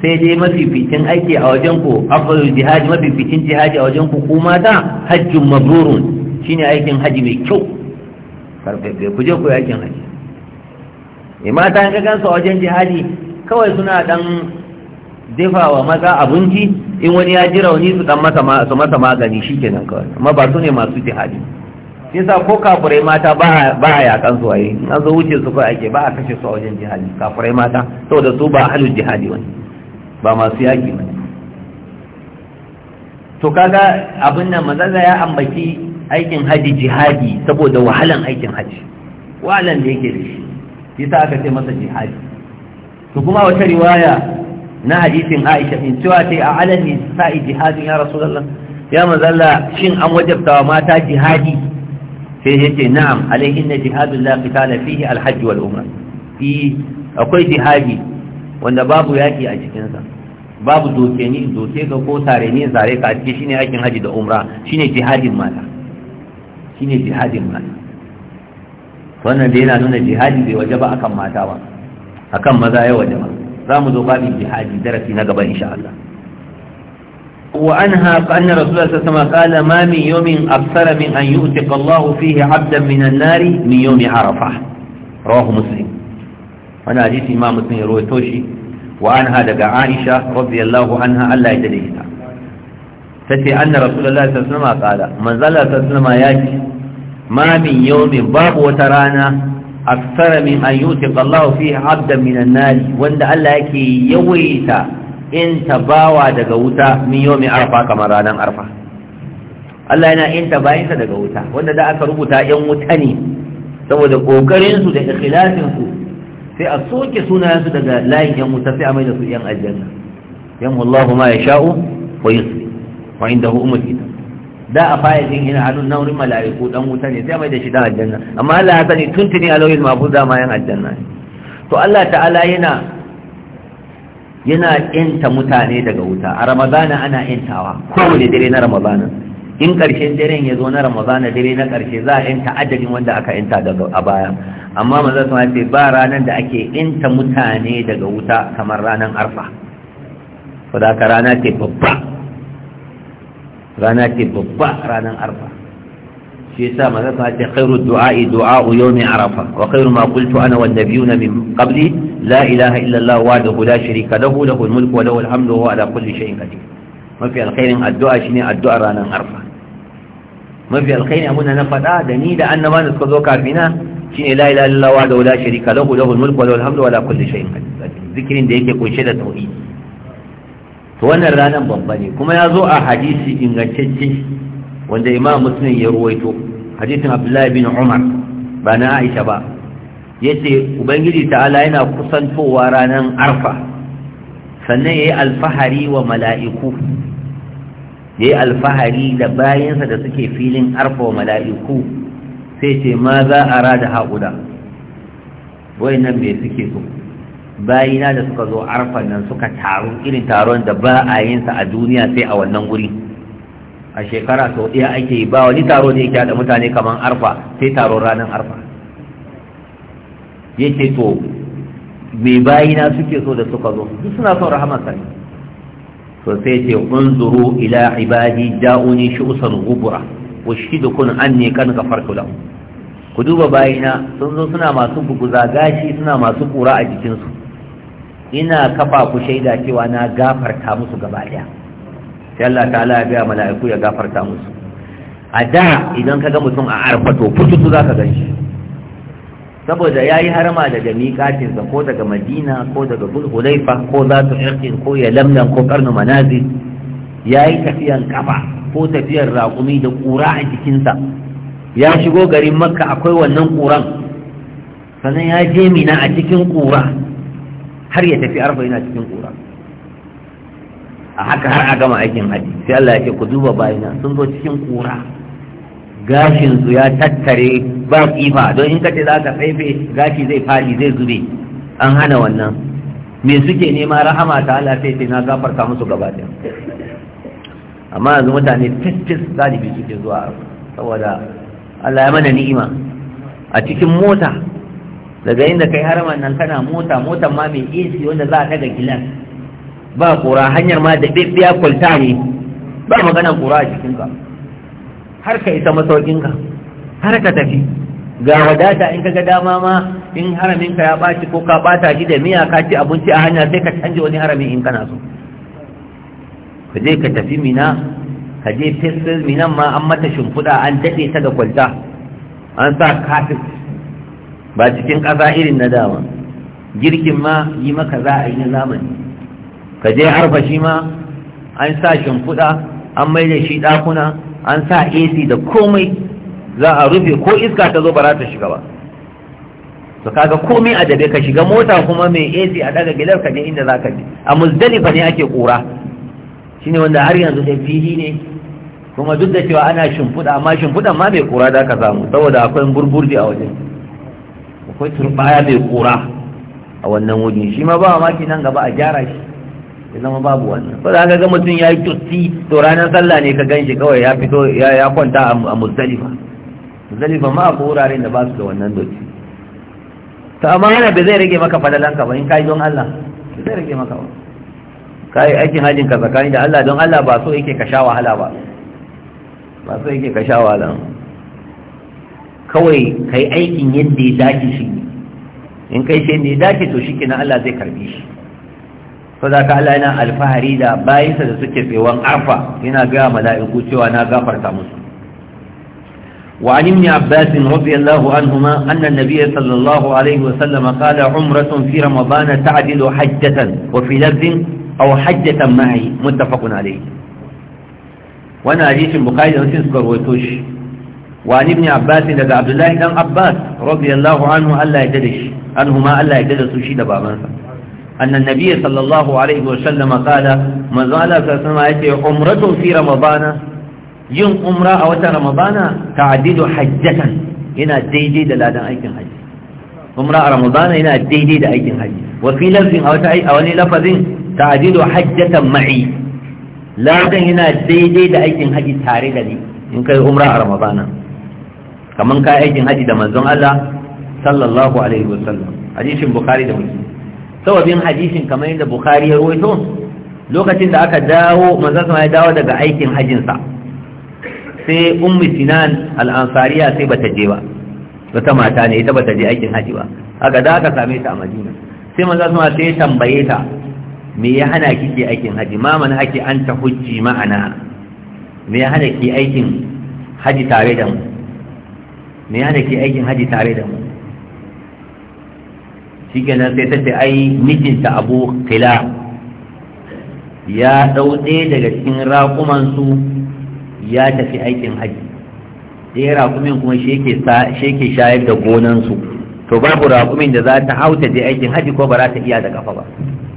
Speaker 1: sai dai mafi fitin aiki a wajen ku afdalul jihadi mafi fitin jihadi a wajen ku ku mata hajjun mabrurun shine aikin haji mai kyau karfafe ku je ku yi aikin haji e mata in ka gansu a wajen jihadi kawai suna dan zefa wa maza abinci in wani ya ji wani su dan masa su masa magani nan kawai amma ba su ne masu jihadi sai sa ko kafurai mata ba a yakan su waye in an zo wuce su kawai ake ba a kashe su a wajen jihadi kafurai mata saboda su ba halin jihadi wani ba masu yaki ba to kaga abin nan mazaza ya ambaci aikin haji jihadi saboda wahalan aikin haji wahalan da yake da shi yasa aka ce masa jihadi to kuma wata riwaya na hadisin Aisha in cewa sai a alal nisa'i jihadin ya rasulullah ya mazalla shin an wajabta wa mata jihadi sai yake na'am alaihinna jihadul la qitala fihi al-hajj wal umrah fi e, akwai jihadi wanda babu yaki a cikinsa babu doke ni doke ka ko tare ni zare ka ciki shine aikin haji da umra shine jihadin mata shine jihadin mata wannan dai yana nuna jihadi bai wajaba akan mata ba akan maza ya wajaba za mu zo babin jihadi darasi na gaba insha Allah wa an haka annar rasuwa ta sama kala ma min yomin absara min an fiye abdan min annari min yomi harafa rahu muslim wani hadisi ma mutum ya rohoto shi wa daga aisha radiyallahu an ha Allah ya dade ita ta ce anna rasuwa ta sama kala manzala ta sama ya ce ma yomin babu wata rana aksara min an yuti Allah fi abdan minan nari wanda Allah yake yawaita in tabawa daga wuta min yomi arfa kamar ranar arfa Allah yana in tabayinsa daga wuta wanda da aka rubuta yan wuta ne saboda kokarin su da ikhlasin sai a soke sunayen daga layin yan wuta sai a mai da su yan aljanna yan wallahu ma yasha'u wa yusri da a fara jin ina hannun na mala'iku dan wuta ne sai mai da shi dan aljanna amma Allah ya sani tuntuni a lauyin mafuz da ma yan aljanna to Allah ta'ala yana yana inta mutane daga wuta a ramadana ana yantawa kowane dare na ramadana in ƙarshen daren ya zo na ramadana dare na karshe za a yanta adadin wanda aka inta daga a baya amma maza sun ce ba ranar da ake inta mutane daga wuta kamar ranar arfa ko da rana ce babba rana ce babba ranar arfa shi yasa manzo sa ce khairu du'a'i du'a'u yawmi arafa wa khairu ma qultu ana wan nabiyuna min qabli la ilaha illa allah wahdahu la sharika lahu lahu al-mulku wa lahu al-hamdu wa ala kulli shay'in qadir mafi alkhairin addu'a shine addu'a ranar arfa mafi alkhairin abunda na faɗa da ni da annaba da suka zo kafina shine la ilaha illa allah wahdahu la sharika lahu lahu al-mulku wa lahu al-hamdu wa ala kulli shay'in qadir zikirin da yake kunshe da tauhid to wannan ranar babba ne kuma ya zo a hadisi ingantacce wanda imam muslim ya ruwaito hadisin abdullahi bin umar ba na aisha ba ya ce ubangiji ta'ala yana kusantowa ranar arfa sannan ya yi alfahari wa mala'iku ya yi alfahari da bayansa da suke filin arfa wa mala'iku sai ce ma za a rada haƙuda wai nan mai suke so bayina da suka zo arfan nan suka taru irin taron da ba a yin sa a duniya sai a wannan guri a shekara sau ɗaya ake yi ba wani taro ne yake da mutane kamar arfa sai taron ranar arfa yake to me bayina suke so da suka zo duk suna son rahamar sani so sai ce unzuru ila ibadi da'uni shu'san gubura wa shidukun anni kan kafar lahu ku duba bayina sun zo suna masu buguza gashi suna masu kura a jikinsu ina kafa ku shaida cewa na gafarta musu gaba ɗaya sai Allah ta'ala ya ga mala'iku ya gafarta musu a da idan ka ga mutum a arfa to fututu za ka gan shi saboda ya yi harma daga miƙatinsa ko daga madina ko daga bulhulaifa ko za su irkin ko ya lamdan ko karnu ya yi tafiyan kafa ko tafiyar raƙumi da ƙura a jikinsa ya shigo garin makka akwai wannan ƙuran sannan ya je mina a cikin ƙura har ya tafi arfa yana cikin kura a haka har a gama aikin haji sai Allah ya ce ku duba bayina sun zo cikin kura gashin su ya tattare ba kifa don in kace za ka tsaife gashi zai fadi zai zube an hana wannan me suke nema rahama ta Allah sai sai na gafarta musu gaba ɗaya amma yanzu mutane tattis zalibi suke zuwa saboda Allah ya mana ni'ima a cikin mota daga inda kai haraman nan kana mota motan ma mai AC wanda za a daga gilas ba kura hanyar ma da bibbiya kwalta ne ba magana kura a cikinka har ka isa masaukinka har ka tafi ga wadata in ka ga dama ma in haramin ka ya baci ko ka bata shi da miya ka ci abinci a hanya sai ka canje wani haramin in kana so ka je ka tafi mina ka je fesfes minan ma an mata shimfiɗa an daɗe ta da kwalta an sa kafin ba cikin ƙasa irin na dama girkin ma yi maka za a yi na zamani ka je harfa shi ma an sa shimfiɗa an mai da shi ɗakuna an sa ac da komai za a rufe ko iska ta zo ba za ta shiga ba to kaga komai a dabe ka shiga mota kuma mai ac a daga gidar ka ne inda za ka je a musdalifa ne ake kura ne wanda har yanzu da fili ne kuma duk da cewa ana shimfiɗa amma shimfiɗan ma mai ƙura za ka samu saboda akwai burburji a wajen akwai turbaya mai kura a wannan wuri shi ma ba maki nan gaba a gyara shi ya zama babu wannan ko da ga mutum ya yi tutti to ranar sallah ne ka gan shi kawai ya fito ya kwanta a muzdalifa muzdalifa ma a wuraren da ba su da wannan dotti to amma yana bai zai rage maka fadalanka ba in ka yi don Allah bai zai rage maka ba ka yi aikin hajjin ka tsakani da Allah don Allah ba so yake ka sha wahala ba ba so yake ka sha wahala ba kawai kai aikin yadda ya dace shi in kai shi ne dace to shi kenan Allah zai karbi shi ko za ka Allah yana alfahari da bayansa da suke tsewan arfa yana ga mala'iku cewa na gafarta musu وعن ابن عباس رضي الله عنهما أن النبي صلى الله عليه وسلم قال عمرة hajjatan رمضان تعدل حجة وفي لفظ أو حجة معي متفق عليه وانا عجيش البخاري ومسلم سكر ويتوش wani ibn abbas daga abdullahi dan abbas radiyallahu anhu Allah ya dade shi da babansa annan nabiyyi sallallahu alaihi wa sallama qala manzo Allah sallallahu alaihi wa umratu fi ramadana yin umra a watan ramadana ta'didu hajjatan yana daidai da ladan aikin haji umra a ramadana yana daidai da aikin haji wa fi a wata a wani lafazin ta'didu hajjatan ma'i ladan yana daidai da aikin tare da ni in kai umra a ramadana kaman ka aikin haji da manzon Allah sallallahu alaihi wasallam hadisin bukhari da muslim sababin hadisin kamar yadda bukhari ya rawaito lokacin da aka dawo manzon sama ya dawo daga aikin hajin sa sai ummi sinan al-ansariya sai bata je ba wata mata ne ita bata je aikin haji ba aka da aka same ta a madina sai manzon sama sai ya tambaye ta me ya hana kike aikin haji ma mana ake an ta hujji ma'ana me ya hana ki aikin haji tare da mu me yana ke aikin haji tare da mu shi kenan sai ta ce ai mijinta abu kila ya ɗau daga cikin raƙumansu ya tafi aikin haji ɗaya raƙumin kuma shi yake shayar da gonansu to babu raƙumin da za ta hauta je aikin haji ko ba za ta iya da kafa ba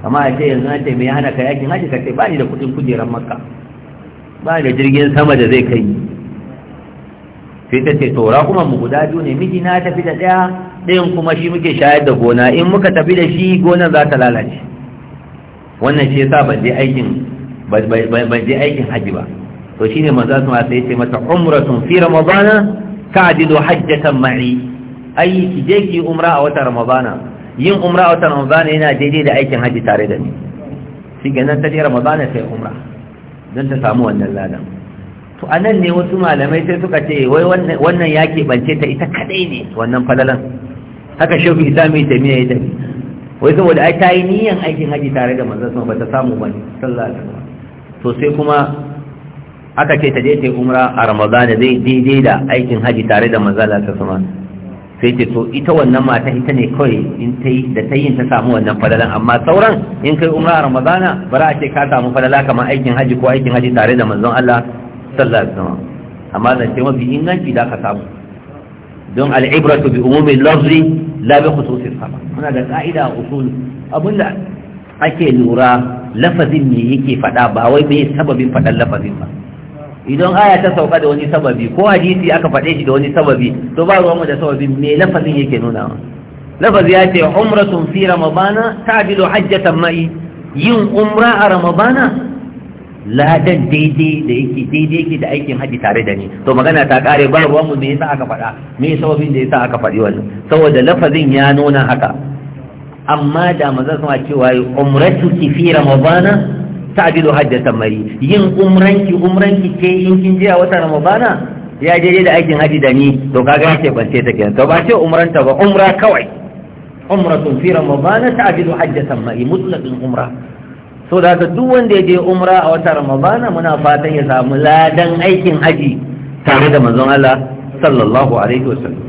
Speaker 1: amma a ce yanzu na ce me hana ka aikin haji ka ce ba ni da kuɗin kujerar makka ba ni da jirgin sama da zai kai sai ta ce to raƙuman mu guda biyu ne miji na tafi da ɗaya ɗayan kuma shi muke shayar da gona in muka tafi da shi gonan za ta lalace wannan shi yasa ban je aikin ban je aikin haji ba to shine manzo sama sai ce mata umratun fi ramadana ta'dilu hajjatan ma'i ai ki je ki umra a watan ramadana yin umra a watan ramadana yana daidai da aikin haji tare da ni shi ganin ta je ramadana sai umra don ta samu wannan ladan to a nan ne wasu malamai sai suka ce wai wannan ya keɓance ta ita kadai ne wannan falalan haka shafi islami da miya ya tafi wai saboda ai ta yi niyan aikin haji tare da manzon sama ba ta samu ba ne sallallahu alaihi wasallam to sai kuma aka ce ta je ta umra a ramadan da zai daidai da aikin haji tare da manzon Allah ta sama sai ce to ita wannan mata ita ne kawai in ta yi da ta yi ta samu wannan falalan amma sauran in kai umra a ramadana bara a ce ka samu falala kamar aikin haji ko aikin haji tare da manzon Allah sallallahu alaihi amma da ce mafi inganci da aka samu don al'ibratu bi umumin lafzi la bi khususin sama muna da ka'ida usul abinda ake lura lafazin ne yake faɗa ba wai me sababin faɗan lafazin ba idan aya ta sauka da wani sababi ko hadisi aka faɗe shi da wani sababi to ba mu da sababin me lafazin yake nuna wa lafazi ya ce umratun fi ramadana ta'dilu hajjatan ma'i yin umra a ramadana ladan daidai da yake daidai yake da aikin haji tare da ni to magana ta kare ba ruwan mu me yasa aka faɗa me sababin da yasa aka faɗi wannan saboda lafazin ya nuna haka amma da manzon suna cewa umratu ki fi ramadan ta'dilu hajjatan mari yin umran ki ce in kin jiya wata watan ya je da aikin haji da ni to kaga ce bance ta kenan to ba ce ta ba umra kawai umratu fi ramadan ta'dilu hajjatan mari mutlaqin umra so da ka duk wanda ya je umra a wata ramadana muna fatan ya samu ladan aikin haji tare da manzon Allah sallallahu alaihi wasallam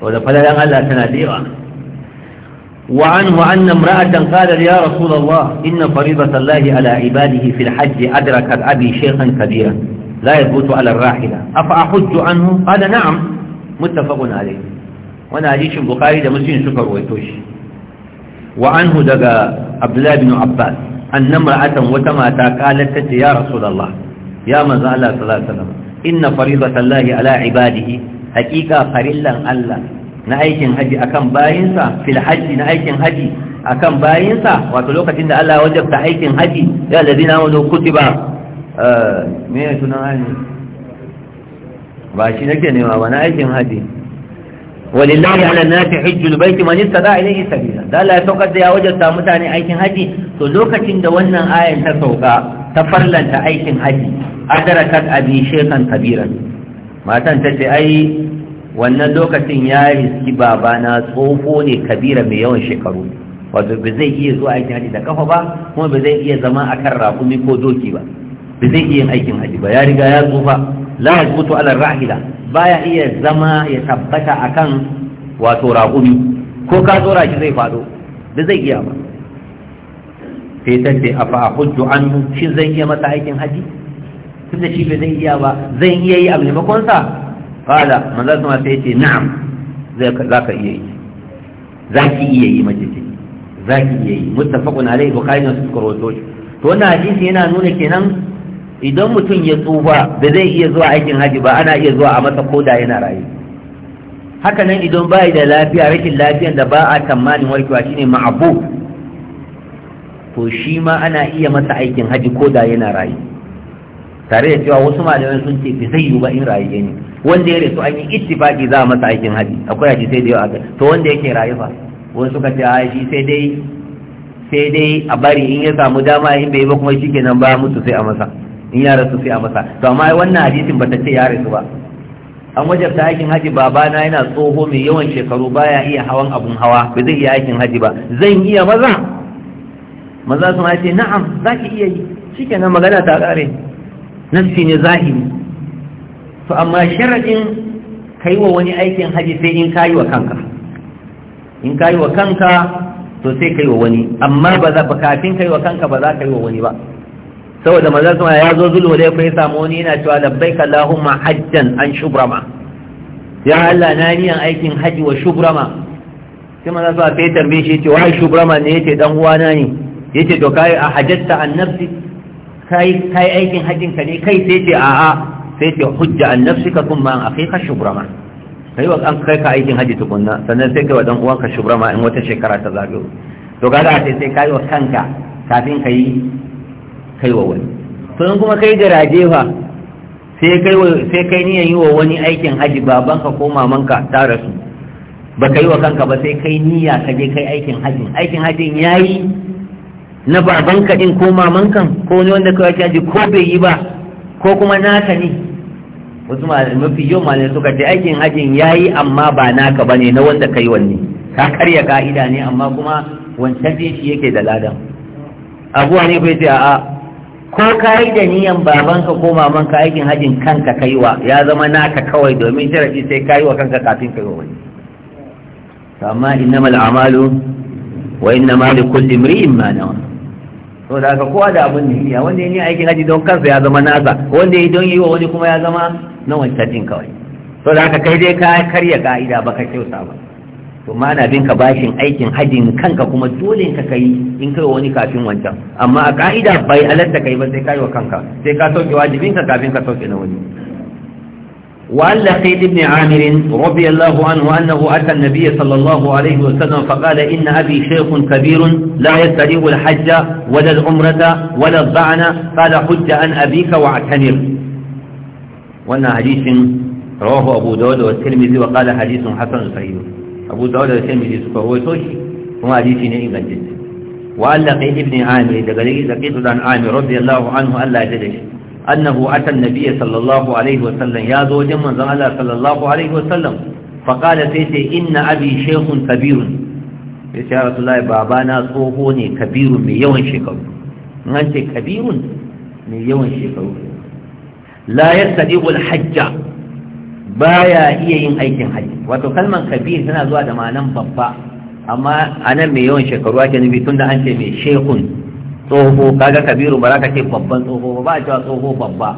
Speaker 1: wanda fadalan Allah tana da yawa wa anhu anna imra'atan qalat ya rasulullah inna faridata llahi ala ibadihi fil hajj adrakat abi shaykhan kabira la yabutu ala rahila afa ahujju anhu qala na'am muttafaqun alayh wannan hadisin bukhari da muslim suka rawaito shi wa anhu daga abdullahi bin abbas annan ra'atan wata mata kalar ta ce ya rasulullah ya manzo Allah sallallahu alaihi wasallam inna faridatallahi ala ibadihi haqiqa farillan Allah na aikin haji akan bayinsa fil haji na aikin haji akan bayinsa wato lokacin da Allah ya wajabta aikin haji ya ladina amanu kutiba eh, me ya sunan ayi ba shi nake nema ba na aikin haji walillahi ala nasi hajjul baiti man istada ilayhi sabil da Allah ya saukar da ya wajarta mutane aikin haji to lokacin da wannan ayan ta sauka ta farlanta aikin haji adarakat abi shekan kabiran matan ta ce ai wannan lokacin ya riski babana tsofo ne kabira mai yawan shekaru wato ba zai iya zuwa aikin haji da kafa ba kuma ba zai iya zama a kan rakumi ko doki ba ba zai iya aikin haji ba ya riga ya tsufa la yasbutu ala rahila baya iya zama ya tabbata akan wato rakumi ko ka tsora shi zai faɗo da zai iya ba sai ta ce afa a hujju an shi zan iya masa aikin haji tun da shi bai zai iya ba zan iya yi a maimakon sa kala manzo kuma sai ce na'am za ka iya yi za ki iya yi mace ce za ki iya yi muttafaqun alaihi bukhari da suka rawaito shi to wannan hadisi yana nuna kenan idan mutum ya tsufa da zai iya zuwa aikin haji ba ana iya zuwa a masa koda yana rayu haka nan idan ba da lafiya rashin lafiyan da ba a tamanin warkewa shine ma'abu to shi ma ana iya masa aikin haji ko da yana rayu tare da cewa wasu malamai sun ce bai zai yiwu ba in rayu ne wanda ya rasu an yi ittifaqi za a masa aikin haji akwai haji sai da yau a to wanda yake rayu fa wani suka ce a shi sai dai sai dai a bari in ya samu dama in bai ba kuma shikenan ba mutu sai a masa in ya rasu sai a masa to amma wannan hadisin ba ta ce ya rasu ba an wajabta aikin haji babana yana tsoho mai yawan shekaru baya iya hawan abun hawa ba zai iya aikin haji ba zan iya maza maza sun ce na'am za ki iya yi shikenan magana ta ƙare? nassi ne zahiri to amma sharadin kai wa wani aikin haji sai in kayi wa kanka in kayi wa kanka to sai kai wa wani amma ba za ba kafin kai wa kanka ba za ka yi wa wani ba saboda manzon sama ya zo zulhu da ya samu wani yana cewa labbaika allahumma hajjan an shubrama ya Allah na niyan aikin haji wa shubrama sai manzon sama sai tambaye shi yace wai shubrama ne yace dan uwana ne yace to kai a hajjatta an nafsi kai kai aikin hajjin ka ne kai sai ce a'a sai ce hujja an nafsika kuma an aqiqa shubrama kai wa an kai ka aikin haji tukunna sannan sai kai wa dan uwanka shubrama in wata shekara ta zagayo to kaga sai sai kai wa kanka kafin ka yi kai wa wani sun kuma kai garaje fa sai kai sai kai niyan yi wa wani aikin haji babanka ko mamanka ta rasu ba kai wa kanka ba sai kai niyya ka je kai aikin hajin aikin ya yayi na babanka din ko mamankan ko wani wanda kawai haji ko bai yi ba ko kuma naka ne wasu mafi yau malamai suka ce aikin ya yayi amma ba naka bane na wanda kai wanne ka karya ka'ida ne amma kuma wancan shi yake da ladan abuwa ne bai ce a'a ko ka yi da niyan babanka ko mamanka aikin hajjin kanka ka wa ya zama naka kawai domin sharaɗi sai ka yi wa kanka kafin ka yi wa wani amma mal amalu wa innama li kulli mri'in ma nawa to da aka kowa da abun niyya wanda ya aikin haji don kansa ya zama nasa wanda ya don yi wa wani kuma ya zama na wancan kawai to da aka kai dai ka karya ka'ida ba ka kyauta ba to ma na binka bashin aikin hajin kanka kuma dole ka kai in kai wani kafin wancan amma a ka'ida bai alatta kai ba sai kai wa kanka sai ka sauke wajibin kafin ka sauke na wani wala ibn amir radiyallahu anhu annahu ata an sallallahu alayhi wa sallam fa qala inna abi shaykh Kabirun, la yastariq al-hajj wa umrata wa la al hujja an abika wa atanir wannan hadisin rawahu abu dawud wa tirmidhi wa qala hadithun hasan abu dawud da tirmidhi suka rawaito shi kuma hadisi ne ingantacce wa allaqi ibn amir daga laqitu dan amir radiyallahu anhu Allah ya dade annahu ata an sallallahu alaihi wa sallam ya zo wajen manzon Allah sallallahu alaihi wa sallam fa qala sayyi inna abi shaykhun kabirun yace ya rasulullahi babana tsoho ne kabirun mai yawan shekaru in an ce kabirun mai yawan shekaru la yastadiqu al-hajja baya iya yin aikin hajji. wato kalman kabir tana zuwa da ma'anan babba amma anan mai yawan shekaru ake nufi tunda an ce mai shekun tsoho kaga kabiru ba za ka ce babban tsoho ba a cewa tsoho babba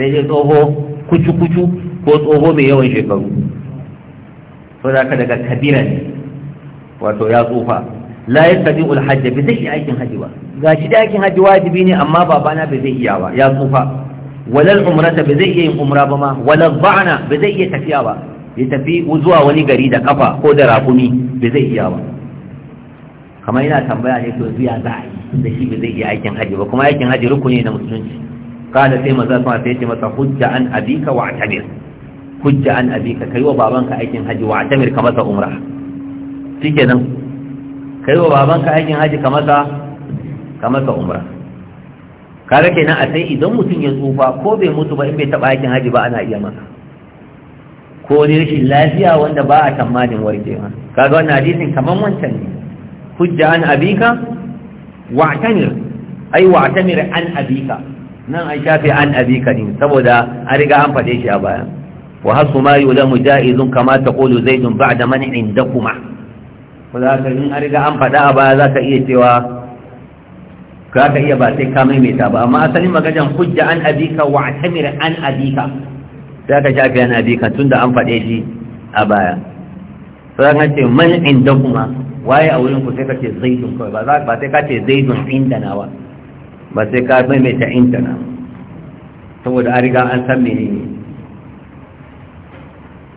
Speaker 1: sai dai tsoho kucu kucu ko tsoho mai yawan shekaru so za ka daga kabira ne wato ya tsufa la ya tabi ulhajja bai zai iya aikin hajji ba ga shi da aikin hajji wajibi ne amma babana bai zai iya ba ya tsufa walal umrata ba zai iya yin umra ba ma walal ba'ana ba zai iya tafiya ba ya tafi zuwa wani gari da kafa ko da raƙumi ba zai iya ba kamar yana tambaya ne to zuya za a yi da shi ba zai iya aikin haji ba kuma aikin haji rukuni na musulunci kada sai maza sama sai ce masa hujja an abika wa atamir hujja an abika kai wa babanka aikin haji wa atamir ka masa umra shikenan kai wa babanka aikin haji ka masa ka masa umra kaga kenan a sai idan mutum ya tsufa ko bai mutu ba in bai taɓa aikin haji ba ana iya masa ko wani rashin lafiya wanda ba a tamanin warkewa kaga wannan hadisin kaman wancan ne hujja an abika wa'tamir ai wa'tamir an abika nan an shafe an abika din saboda an riga an faɗe shi a baya wa hasu ma yulamu ja'izun kama taqulu zaidun ba'da man indakuma ko za ka in an riga an faɗa a baya za ka iya cewa ka ka iya ba sai ka maimaita ba amma asalin magajan hujja an abika wa atamir an abika sai ka shafi an abika tunda an faɗe shi a baya sai ka ce man inda kuma waye a wurin ku sai ka ce zaidun kawai ba sai ka ce zaidun inda nawa ba sai ka maimaita inda na saboda an riga an san menene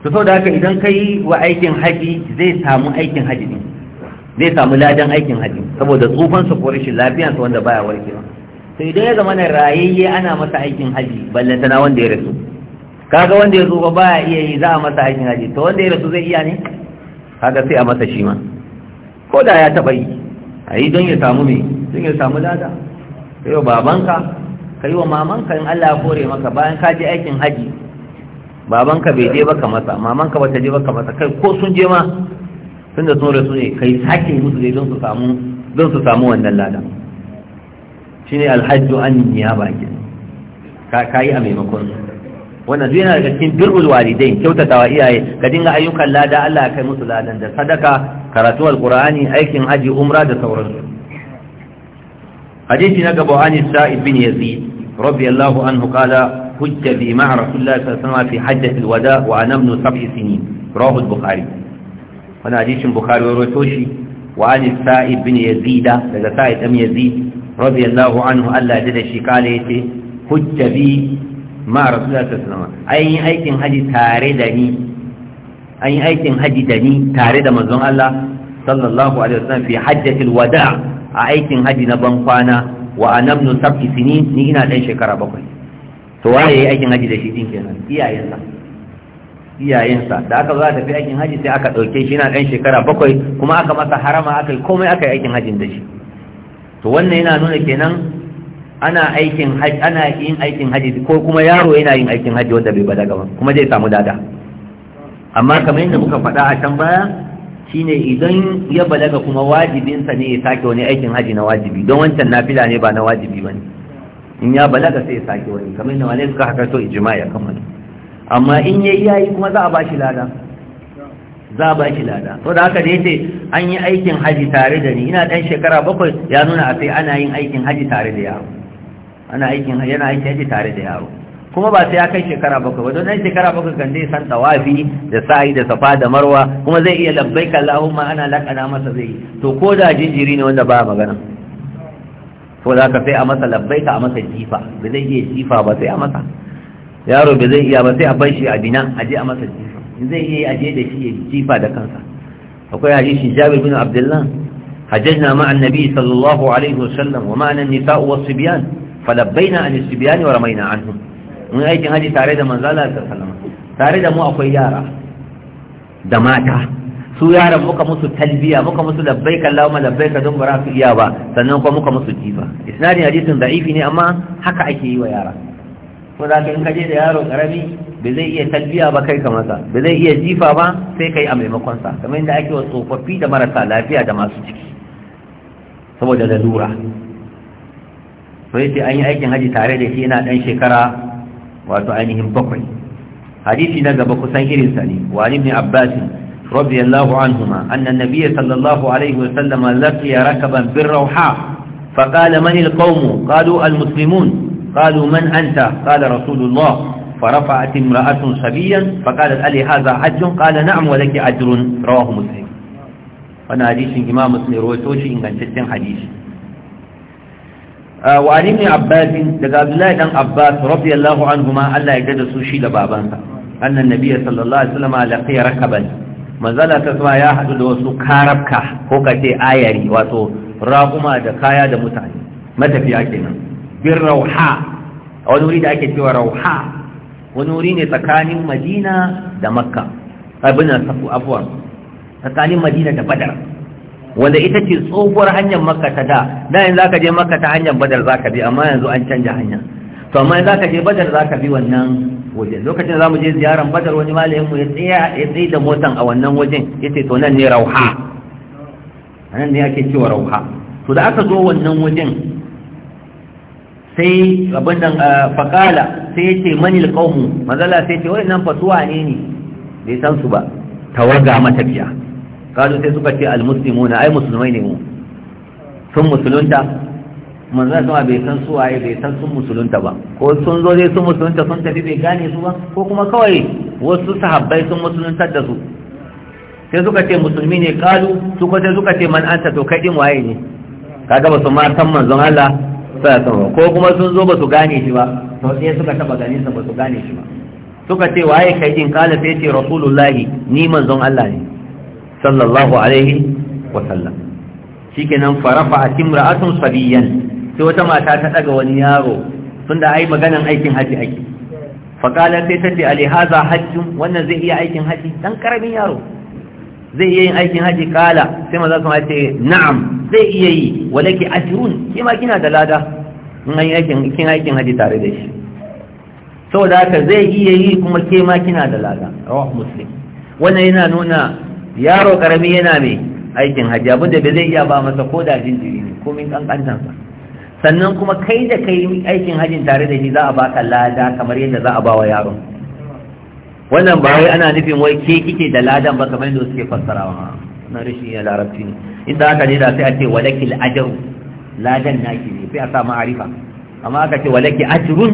Speaker 1: to saboda haka idan kai wa aikin haji zai samu aikin haji ne zai samu ladan aikin hajji saboda tsufan su ko lafiyan su wanda baya warkewa to idan ya zama na rayayye ana masa aikin ballanta na wanda ya rasu kaga wanda ya ba baya iya yi za a masa aikin hajji to wanda ya rasu zai iya ne kaga sai a masa shi ma ko da ya taba yi a yi don ya samu me don ya samu lada kai wa babanka kai wa mamanka in Allah ya kore maka bayan ka je aikin haji babanka bai je ba ka masa mamanka ba ta je ba ka masa kai ko sun je ma tunda sun rasu ne kai sake musu dai don su samu don su samu wannan lada shine alhajju an niyaba ke ka yi a maimakon wannan duk yana daga cikin birrul walidain kyautatawa iyaye ka dinga ayyukan lada Allah ya kai musu ladan da sadaka karatu alqur'ani aikin haji umra da sauransu hadisi na gaba an sa'id bin yazid radiyallahu anhu qala hujja bi ma'a rasulillahi sallallahu alaihi wasallam fi hajjatil wada wa ana ibn sab'i sinin rawahu al-bukhari wani hadisin bukhari ya rawaito shi wa an sa'id bin yazid daga sa'id bin yazid radiyallahu anhu Allah ya da shi kale yace hujja bi ma rasulullah sallallahu alaihi wasallam aikin haji tare da ni an yi aikin haji da ni tare da manzon Allah sallallahu alaihi wasallam fi hajjatil wada a aikin haji na ban kwana wa anamnu sab'i sinin ni ina dan shekara bakwai to waye yayi aikin haji da shi din kenan iyayen iyayensa iyayensa da aka zo a tafi aikin haji sai aka ɗauke shi yana ɗan shekara bakwai kuma aka masa harama aka yi komai aka yi aikin hajin da shi to wannan yana nuna kenan ana aikin haji ana yin aikin haji ko kuma yaro yana yin aikin haji wanda bai balaga ba kuma zai samu dada amma kamar yadda muka faɗa a can baya shine idan ya balaga kuma wajibinsa ne ya sake wani aikin haji na wajibi don wancan nafila ne ba na wajibi ba ne in ya balaga sai ya sake wani kamar yadda wani suka haka to ijima ya kammala amma in ya yi yayi kuma za a ba shi lada za a ba shi lada to da haka da yace an yi aikin haji tare da ni ina dan shekara bakwai ya nuna a sai ana yin aikin haji tare da yaro ana aikin yana aikin haji tare da yaro kuma ba sai ya kai shekara bakwai ba don shekara bakwai kan zai san tawafi da sa'i da safa da marwa kuma zai iya labbaika Allahumma ana lakana masa zai to ko da jinjiri ne wanda ba magana ko da ka sai a masa labbaika a masa jifa ba zai iya jifa ba sai a masa yaro bai zai iya ba sai a bar shi a bina a je a masa jifa in zai iya aje da shi ya jifa da kansa akwai hadisi Jabir bin Abdullah hajjajna ma'a annabi sallallahu alaihi wasallam wa ma'ana nisa'u was-sibyan falabbaina an-sibyan wa ramaina anhum mun aikin haji tare da manzala sallallahu alaihi wasallam tare da mu akwai yara da mata su yara muka musu talbiya muka musu labbaik Allahumma labbaik don ba su iya ba sannan kuma muka musu jifa isnadin hadisin da'ifi ne amma haka ake yi wa yara ko za ka je da yaro karami ba zai iya talbiya ba kai ka masa ba zai iya jifa ba sai kai a maimakonsa, sa kamar yadda ake wa tsofaffi da marasa lafiya da masu ciki saboda lalura sai sai an yi aikin haji tare da shi yana dan shekara wato ainihin bakwai hadisi na gaba kusan sa ne wa ibn abbas رضي الله عنهما أن النبي صلى الله عليه وسلم لقي ركبا بالروحاء فقال من القوم al المسلمون قالوا من أنت قال رسول الله فرفعت امرأة صبيا فقالت ألي هذا حج قال نعم ولك أجر رواه مسلم وانا حديث إمام مسلم رويتوشي إن كان تتن حديث آه وعن ابن عباس لقى عبد الله بن عباس رضي الله عنهما ألا يجد سوشي لبابانسا أن النبي صلى الله عليه وسلم لقي ركبا manzala ta sama ya haɗu da wasu karabka ko ka ce ayari wato raguma da kaya da mutane matafiya kenan bin rauha a wani wuri da ake cewa rauha wani wuri ne tsakanin madina da makka abin safu afuwar tsakanin madina da badar wanda ita ce tsohuwar hanyar makka ta da da yanzu zaka je makka ta hanyar badar za ka bi amma yanzu an canja hanya to amma yanzu zaka je badar za ka bi wannan wajen lokacin za mu je ziyaran badar wani malamin mu ya tsaya tsaye da motan a wannan wajen ce to nan ne rauha nan ne ake cewa rauha to da aka zo wannan wajen sai abin nan eh, faƙala sai ya ce manil ƙaunu mazala sai ce wai nan fasuwa ne ne bai san su ba tawaga matafiya kazo sai suka ce na ai musulmai ne mu sun musulunta manzon sama bai san su waye bai san sun musulunta ba ko sun zo zai sun musulunta sun tafi bai gane su ba ko kuma kawai wasu sahabbai sun musuluntar da su sai suka ce musulmi ne kalu su ko sai suka ce man'anta to kai ɗin waye ne kaga ba su ma san manzon Allah sa ko kuma sun zo ba su gane shi ba sau sai suka taba gane sa ba su gane shi ba suka ce waye kai din kala sai ce rasulullahi ni manzon Allah ne sallallahu alaihi wa sallam shikenan farafa timra'atun sabiyan sai wata mata ta daga wani yaro tunda ai maganan aikin haji ake faqala sai ta ce ali hadha hajjun wannan zai iya aikin haji dan karamin yaro zai iya yin aikin haji kala sai maza sun ce na'am zai iya yi walaki ashirun ke ma kina da lada in an yi aikin haji tare da shi saboda haka zai iya yi kuma ke ma kina da lada rawah muslim wannan yana nuna yaro karami yana mai aikin haji abinda bai zai iya ba masa ko da jinjiri ne komin kankantansa sannan kuma kai da kai aikin hajin tare da shi za a baka lada kamar yadda za a ba wa yaron wannan ba wai ana nufin wai ke kike da ladan ba kamar yadda suke fassarawa na rashin ya larabci ne inda aka ne da sai a ce walakil ajru ladan naki ne sai a sa ma'arifa amma aka ce walaki ajrun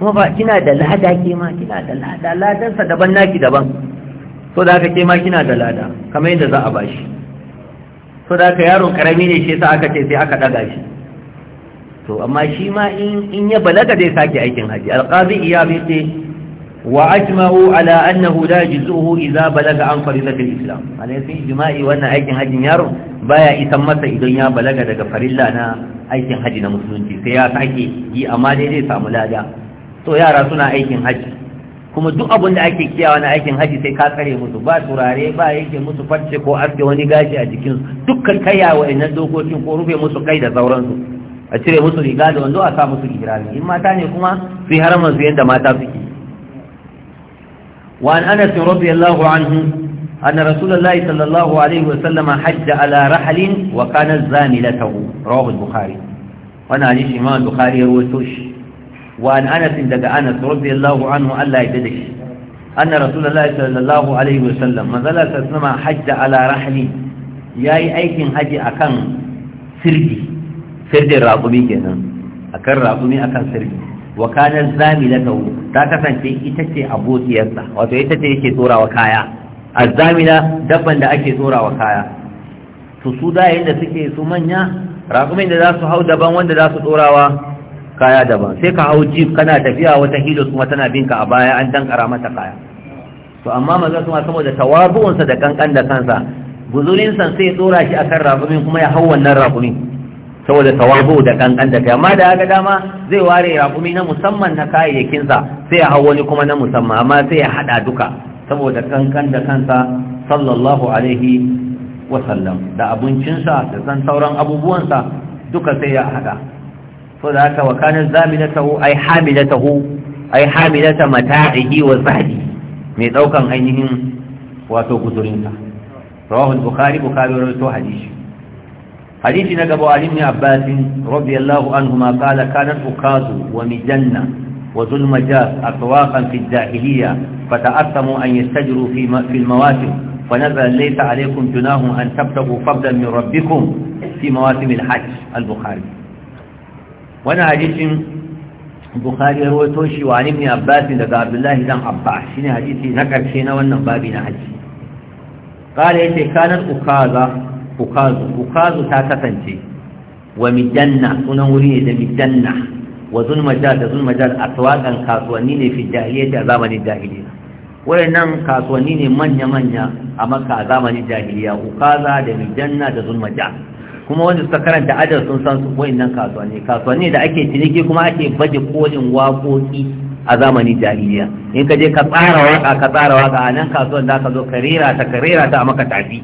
Speaker 1: kuma ba kina da lada ke ma kina da lada ladan sa daban naki daban so da aka ce ma kina da lada kamar yadda za a bashi so da aka yaron karami ne shi sa aka ce sai aka daga shi to amma shi ma in ya balaga zai sake aikin haji alqazi iya bai ce وأجمعوا على أنه لا يجزئه إذا بلغ عن فريضة الإسلام أنا في جماعي وأن أيكن هج يارو بايا إسمت إذن يا بلغ دقى فريلا na أيكن هجنا مسلمتي سياسة أيكي amma أمالي samu ساملادا تو yara suna aikin هج kuma duk abin da ake kiyawa na aikin haji sai ka tsare musu ba turare ba yake musu farce ko aske wani gashi a su dukkan kaya wa'annan dokokin ko rufe musu kai da sauransu a cire musu riga da wando a sa musu ihrami in mata ne kuma su yi haramansu yadda mata suke وعن أنس رضي الله عنه أن رسول الله صلى الله عليه وسلم حج على رحل وكان زاملته رواه البخاري وأنا عليه إمام البخاري رويتوش وعن أنس دقى أنس رضي الله عنه ألا يددش أن رسول الله صلى الله عليه وسلم مذلا تسلم حج على رحل ياي أيكن حج أكن سرجي سرجي الرابمي كنا أكن رابمي أكن سرجي wa kana hu ta kasance ita ce abokiyarsa wato ita ce yake tsorawa kaya azzamila dabban da ake tsorawa kaya to su da yayin da suke su manya raƙumin da za su hau daban wanda za su tsorawa kaya daban sai ka hau jeep kana tafiya wata hilo kuma tana binka a baya an dankara mata kaya to amma maza su ma saboda tawabu'unsa da kankan da kansa guzurin san sai tsora shi akan rakumin kuma ya hau wannan rakumin saboda tawazu da kankan da kai amma da haka dama zai ware raƙumi na musamman na kayayyakinsa sai ya hau wani kuma na musamman amma sai ya haɗa duka saboda kankan da kansa sallallahu alaihi wasallam da abincinsa da san sauran abubuwansa duka sai ya haɗa so da haka wa kanar zaminatahu ai hamilatahu ai hamilata mata'ihi wa zahdi mai ɗaukan ainihin wato guzurinsa rawahu bukhari bukhari rawaito hadisi حديث نقب عن ابن عباس رضي الله عنهما قال كانت أكاز ومجنة وظلم المجاز أطواقا في الجاهلية فتأثموا أن يستجروا في المواسم فنزل ليس عليكم جناه أن تبتغوا فضلا من ربكم في مواسم الحج البخاري وانا حديث البخاري توشي وعن ابن عباس لقى عبد الله بن عباس شنو حديثي نكر شنو وانا بابين حج قال إيه كانت أكاذة ukazu ukazu ta kasance wa mijanna sunan wuri ne da mijanna wa zulmajal da zulmajal aswaqan kasuwanni ne fi jahiliyyah a zamanin jahiliya wayannan kasuwanni ne manya-manya a maka a zamanin jahiliya ukaza da mijanna da zulmajal kuma wanda suka karanta ajar sun san su wayannan kasuwanni kasuwanni da ake ciniki kuma ake baje kolin waƙoƙi a zamanin jahiliya in ka je ka tsara waka ka tsara waka a nan kasuwan za ka zo ka rera ta ka rera ta a maka tafi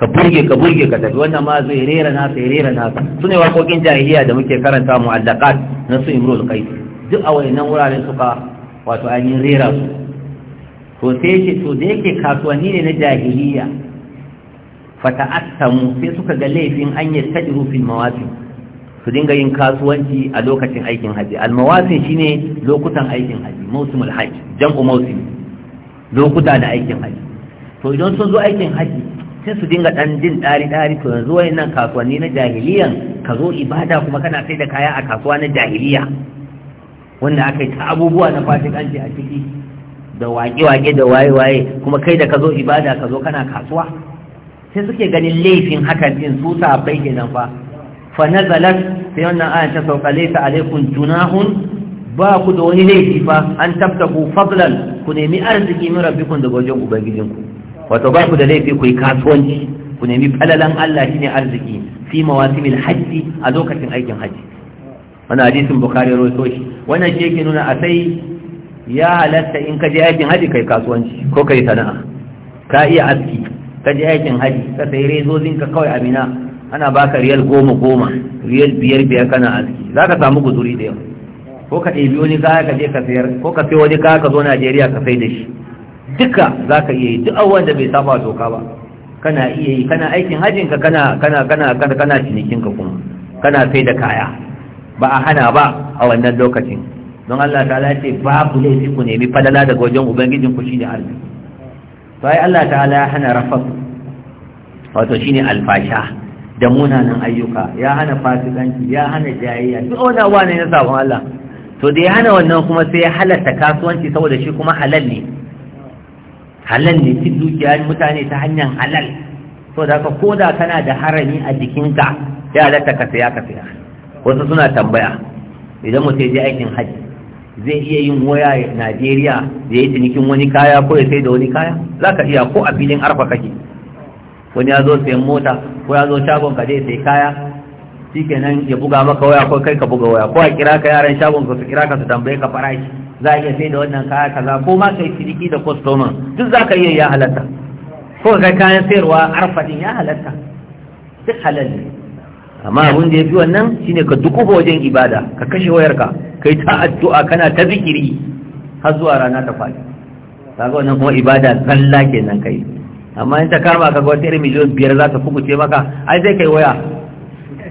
Speaker 1: ka burge ka burge ka tafi wannan ma zai rera nasa ya rera nasa su ne waƙoƙin jahiliya da muke karanta mu'allaqat na su imrul qais duk a wayannan wuraren suka wato an yi rera su to sai yake to da yake kasuwanni ne na jahiliya ta'attamu sai suka ga laifin an yi tajru fil mawasim su dinga yin kasuwanci a lokacin aikin haji al mawasim shine lokutan aikin haji mawsimul hajj jam'u mawsim lokuta da aikin haji to idan sun zo aikin haji sai su dinga ɗan jin ɗari-ɗari to yanzu wani nan kasuwanni na jahiliyan ka zo ibada kuma kana sai da kaya a kasuwa na jahiliya wanda aka yi ta abubuwa na fasikanci a ciki da waƙe-waƙe da waye-waye kuma kai da ka zo ibada ka zo kana kasuwa sai suke ganin laifin hakan din su sabai kenan fa fa nazalat sai wannan ayan ta sauka laysa alaikum junahun ba ku da wani laifi fa an tabtaku fadlan ku nemi arziki min rabbikum da wajen ubangijinku wato ba ku da laifi ku yi kasuwanci ku nemi falalan Allah shine arziki fi mawasimil hajji a lokacin aikin hajji wannan hadisin bukhari ya rawaito shi wannan shi yake nuna a sai ya halatta in ka je aikin hajji kai kasuwanci ko kai sana'a ka iya aski ka je aikin hajji ka sai rezozin ka kawai amina ana baka riyal goma goma riyal biyar biyar kana aski za ka samu guzuri da yawa ko ka ɗebi wani kaya ka je ka sayar ko ka sayo wani kaya ka zo Najeriya ka sai da shi duka za ka iya yi duk abubuwan da bai saba doka ba kana iya yi kana aikin hajjinka kana kana kana kana kana cinikinka kuma kana sai da kaya ba a hana ba a wannan lokacin don Allah ta'ala ce babu laifi ku nemi falala daga wajen ubangijin ku shine arziki to ai Allah ta'ala ya hana rafas wato shine alfasha da munanan ayyuka ya hana fasikanci ya hana jayayya duk wani abuwa ne na sabon Allah to da ya hana wannan kuma sai ya halatta kasuwanci saboda shi kuma halal ne halal ne cin dukiya mutane ta hanyar halal so da ka koda kana da harami a jikinka ya halatta ka saya ka saya wasu suna tambaya idan sai je aikin hajji zai iya yin waya a Najeriya da ya cinikin wani kaya ko ya sai da wani kaya za ka iya ko a filin arfa kake wani ya zo sayan mota ko ya zo shagon ka dai sai kaya kenan ya buga maka waya ko kai ka buga waya ko a kira ka yaran shagon ka su kira ka su tambaye ka farashi za a iya sai da wannan kaya kaza ko ma kai ciniki da customer duk za ka iya ya halatta ko kai kayan sayarwa arfadin ya halatta duk halal ne amma abin da ya fi wannan shine ka dukufa wajen ibada ka kashe wayarka kai ta addu'a kana ta zikiri har zuwa rana ta faɗi kaga wannan kuma ibada zalla kenan kai amma in ta kama kaga wata irin miliyon biyar za ta kubuce maka ai zai kai waya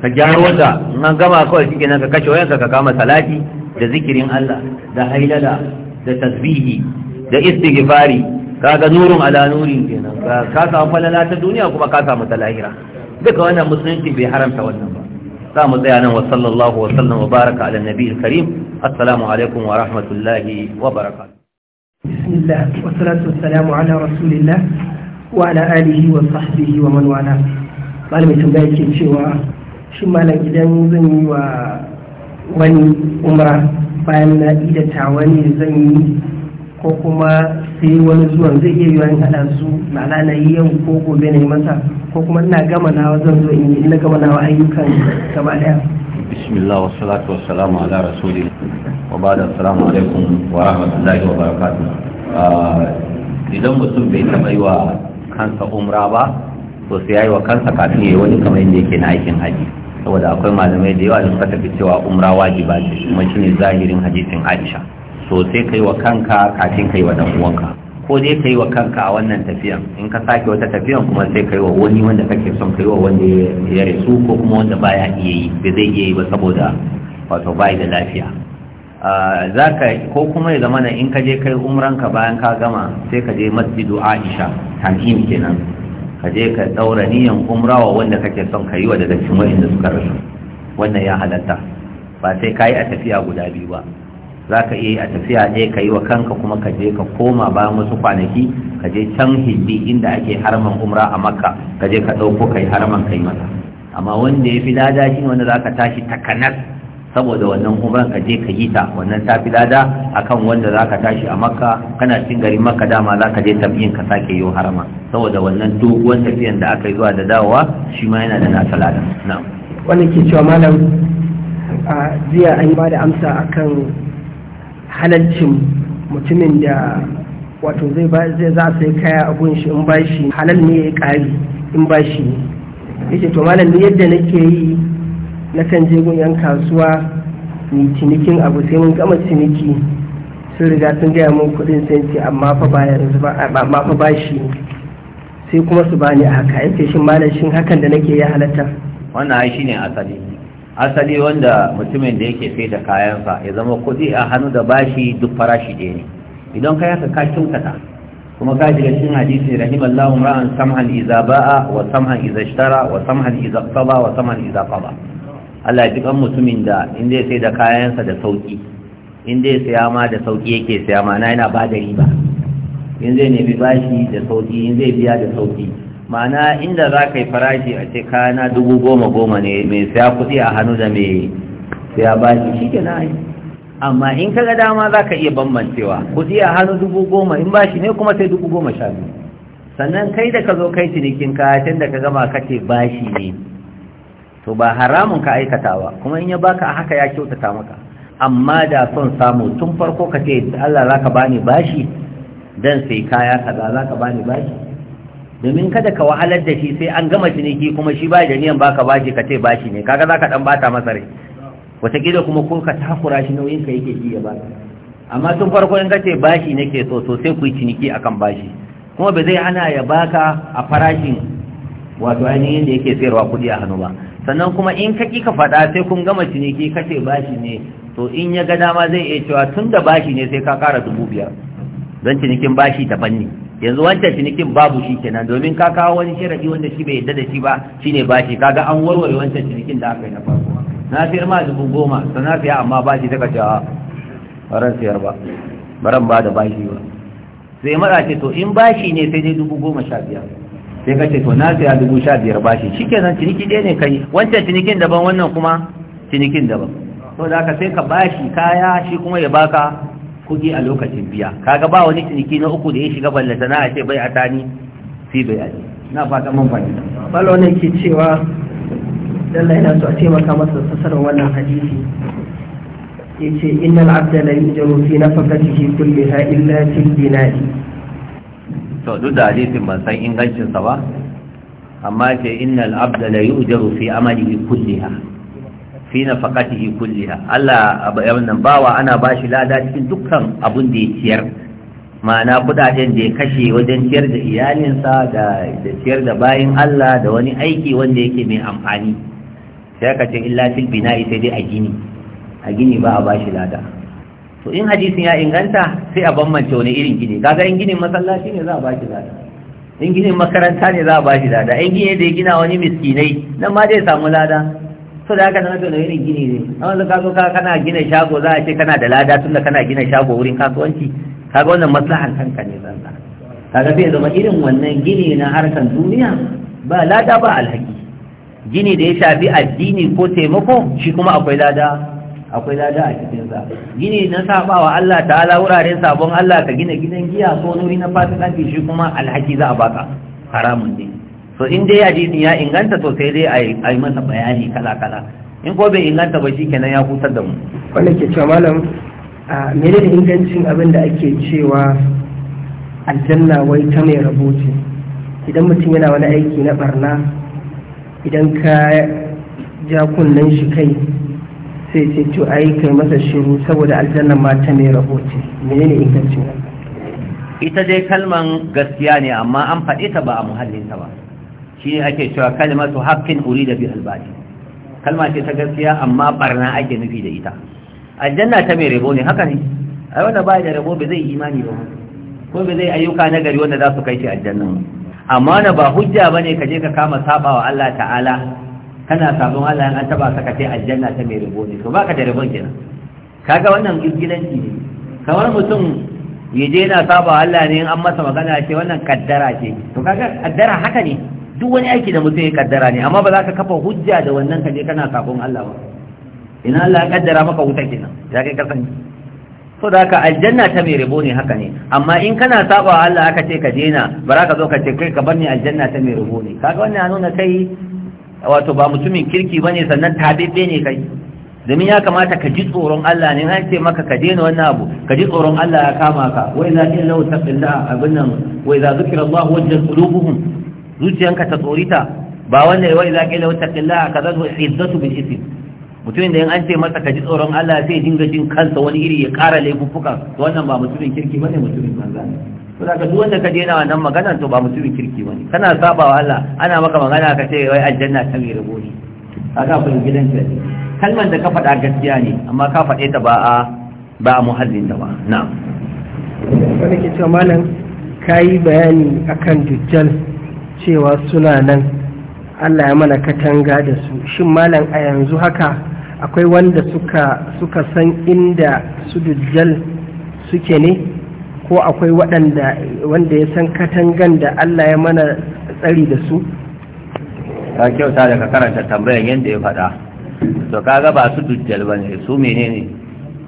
Speaker 1: ka gyaro wata in an gama kawai shi kenan ka kashe wayarka ka kama salati da zikirin Allah da hailala da tasbihi da istighfari kaga nurun ala nurin kenan ka samu falala ta duniya kuma ka samu ta lahira duka wannan musulunci bai haramta wannan ba za mu tsaya nan wa sallallahu wa sallam wa baraka ala nabiyil karim assalamu alaikum wa rahmatullahi wa barakatuh
Speaker 2: bismillah wa salatu wassalamu ala rasulillah wa ala alihi wa sahbihi wa man wala malamin tambaya ke cewa shin malam idan zan yi wa wani umra bayan na ida tawa zan yi ko kuma sai wani zuwan zai iya yiwuwa in hada su ma'ana na yi yau ko gobe na yi masa ko kuma ina gama nawa zan zo in yi ina gama nawa ayyukan gaba daya
Speaker 1: bismillah wa salatu wa salamu ala rasuli wa ba da salamu alaikum wa rahmatullahi wa barakatuh ah, idan mutum bai taɓa yi wa kansa umra ba to sai ya yi wa kansa kafin ya yi wani kamar yadda yake na aikin haji saboda akwai malamai da yawa da suka tafi cewa umra wajiba ce kuma shi ne zahirin hadisin Aisha so sai ka yi wa kanka kafin ka yi wa dan uwanka ko dai ka yi wa kanka a wannan tafiyan in ka sake wata tafiyan kuma sai ka yi wa wani wanda kake son ka yi wa wanda ya rasu ko kuma wanda baya iya yi ba zai iya yi ba saboda wato bai da lafiya za ka ko kuma ya zama in ka je kai umranka bayan ka gama sai ka je masjidu Aisha tamim kenan ka je ka daura niyan umrawa wanda kake son ka yi wa daga cikin wa'inda suka rasu wannan ya halatta ba sai ka yi a tafiya guda biyu ba za ka iya yi a tafiya ɗaya ka yi wa kanka kuma ka je ka koma bayan wasu kwanaki ka je can hiddi inda ake harman umra a makka ka je ka ɗauko ka yi harman ka yi mata amma wanda ya fi lada shi wanda za ka tashi takanas saboda wannan umran ka je ka yi ta wannan tafi lada akan wanda za ka tashi a makka kana cikin garin makka dama za ka je tabiyin ka sake yi harama saboda wannan doguwar tafiyan da aka yi zuwa da dawowa shi ma yana da nasa lada na
Speaker 2: wannan ke cewa malam a jiya an yi ba da amsa akan halalcin mutumin da wato zai zai za su sai kaya a gun shi in bashi halal ne ya kari in bashi ne yake to malam ne yadda nake yi Na kan je gun 'yan kasuwa ni cinikin abu sai mun gama ciniki sun riga sun gaya mun kudin sai ce amma fa ba yanzu ba amma fa ba shi sai kuma su bani a haka yake shin malam shin hakan da nake ya halatta
Speaker 1: wannan ai shine asali asali wanda mutumin da yake sai da kayansa ya zama kudi a hannu da bashi duk farashi ɗaya ne idan ka yaka ka kinkata kuma ka shiga cikin hadisi rahimallahu ra'an samhan iza ba'a wa samhan iza ishtara wa samhan iza qaba wa samhan iza qaba Allah ji kan mutumin da in zai sai da kayansa da sauki in zai saya ma da sauki yake saya ma na yana bada riba in zai nemi bashi da sauki in zai biya da sauki ma'ana inda za ka yi farashi a ce kayana dubu goma goma ne mai saya kuɗi a hannu da mai saya bashi shi ke na amma in ka ga dama za ka iya bambancewa kuɗi a hannu dubu goma in bashi ne kuma sai dubu goma sha biyu sannan kai da ka zo kai cinikin kayan da ka gama kace bashi ne to ba haramun ka aikata ba kuma in ya baka haka ya kyautata maka amma da son samu tun farko ka ce Allah za ka bani bashi dan sai kaya kaza za ka bani bashi domin kada ka wahalar da shi sai an gama ciniki kuma shi ba da niyan baka bashi ka ce bashi ne kaga za ka dan bata masa rai Wata gida kuma ko ka takura shi nauyin ka yake ji ya ba amma tun farko in ka ce bashi nake so to sai ku yi ciniki akan bashi kuma ba zai hana ya baka a farashin wato ainihin da yake sayarwa kuɗi a hannu ba sannan kuma in ka ƙi ka faɗa sai kun gama ciniki ka ce bashi ne to in ya ga dama zai iya cewa tun da bashi ne sai ka ƙara dubu biyar don cinikin bashi daban ne yanzu wancan cinikin babu shi kenan domin ka kawo wani sharaɗi wanda shi bai yadda da shi ba shine bashi kaga an warware wancan cinikin da aka yi na farko na sayar ma dubu goma sana siya amma bashi ta kace a ran siyar ba baran ba da bashi ba sai mara ce to in bashi ne sai dai dubu goma sha biyar sai ka ce to na saya dubu sha biyar bashi shi kenan ciniki ɗaya ne ka yi wancan cinikin daban wannan kuma cinikin daban to da ka sai ka bashi kaya shi kuma ya baka kuɗi a lokacin biya kaga ba wani ciniki na uku da ya shiga ballata na a ce bai a tani fi bai a
Speaker 2: na fata mun fahimta balo ne ke cewa lallai na so a taimaka masa fasarar wannan hadisi yace innal abda la yujaru fi kulle kulliha illa fil bina'i
Speaker 1: to duk da hadisin ban san ingancinsa ba amma ce innal abda la yujaru fi amalihi kulliha fi nafaqatihi kulliha Allah wannan bawa ana bashi lada cikin dukkan abun da ya ciyar ma'ana kudaden da ya kashe wajen ciyar da iyalinsa da da ciyar da bayin Allah da wani aiki wanda yake mai amfani sai ka ce illa fil bina'i sai dai a gini a gini ba a bashi lada to in hadisin ya inganta sai a bambance wani irin gini kaga in ginin masallaci ne za a bashi zada in ginin makaranta ne za a bashi zada in gini da ya gina wani miskinai nan ma zai samu lada so da haka na to irin gini ne amma da ka zo ka kana gina shago za a ce kana da lada tunda kana gina shago wurin kasuwanci kaga wannan maslahan kanka ne zanza kaga sai zama irin wannan gini na harkan duniya ba lada ba alhaki gini da ya shafi addini ko taimako shi kuma akwai lada akwai lada a cikinsa gini na wa Allah ta'ala wuraren sabon Allah ka gina gidan giya ko nuri na fasikanci shi kuma alhaki za a baka haramun ne so in dai hadisin ya inganta to sai dai a yi masa bayani kala kala in ko bai inganta ba kenan ya hutar da mu wanda ke cewa malam
Speaker 2: a mene da ingancin abin da ake cewa aljanna wai ta mai rabo idan mutum yana wani aiki na barna idan ka ja kunnen shi kai sai ce to ai kai masa shiru saboda aljannan ma ta mai rahoci menene ingancin
Speaker 1: ita dai kalman gaskiya ne amma an faɗi ta ba a muhallinta ba shi ne ake cewa kalmatu haqqin urida bi albati kalma ce ta gaskiya amma barna ake nufi da ita aljanna ta mai rabo ne haka ne ai wanda ba da rabo ba zai imani ba ko ba zai ayyuka na gari wanda za su kai shi aljanna amma na ba hujja bane ka je ka kama sabawa Allah ta'ala kana sabon Allah an taba saka sai aljanna ta mai rubo ne to baka da rabon kenan kaga wannan gidanci ne kamar mutum ya je yana saba Allah ne an masa magana ce wannan kaddara ce to kaga kaddara haka ne duk wani aiki da mutum ya kaddara ne amma ba za ka kafa hujja da wannan kaje kana sabon Allah ba ina Allah ya kaddara maka wuta kenan ya kai kasan so da haka aljanna ta mai rubo ne haka ne amma in kana saba Allah aka ce ka dena ba za ka zo ka ce kai ka bar ni aljanna ta mai rubo ne kaga wannan ya nuna kai wato ba mutumin kirki bane sannan tabibbe ne kai domin ya kamata ka ji tsoron Allah ne an ce maka ka daina wannan abu ka ji tsoron Allah ya kama ka wai za in lau taqilla abin nan wai za zikra Allah wajjal qulubuhum zuciyanka ta tsorita ba wanda wai za ka lau taqilla ka zazu izzatu bil ism mutumin da in an ce masa ka ji tsoron Allah sai dinga jin kansa wani iri ya kara laifuffuka wannan ba mutumin kirki bane mutumin manzo suna ka duk wanda ka je na wannan magana to ba mutumin kirki bane kana sabawa Allah ana maka magana ka ce wai aljanna ta mai rabo ne kaga kun gidan ka ne kalmar da ka faɗa gaskiya ne amma ka faɗe ta ba a ba a muhallin da ba na'am
Speaker 2: wanda ke cewa malam kayi bayani akan dujjal cewa suna nan Allah ya mana katanga da su shin malam a yanzu haka akwai wanda suka suka san inda su dujjal suke ne ko akwai waɗanda wanda ya san katangan da Allah ya mana tsari da su
Speaker 1: ka kyauta da ka karanta tambayan yadda ya faɗa to kaga ba su dujjal ba ne su menene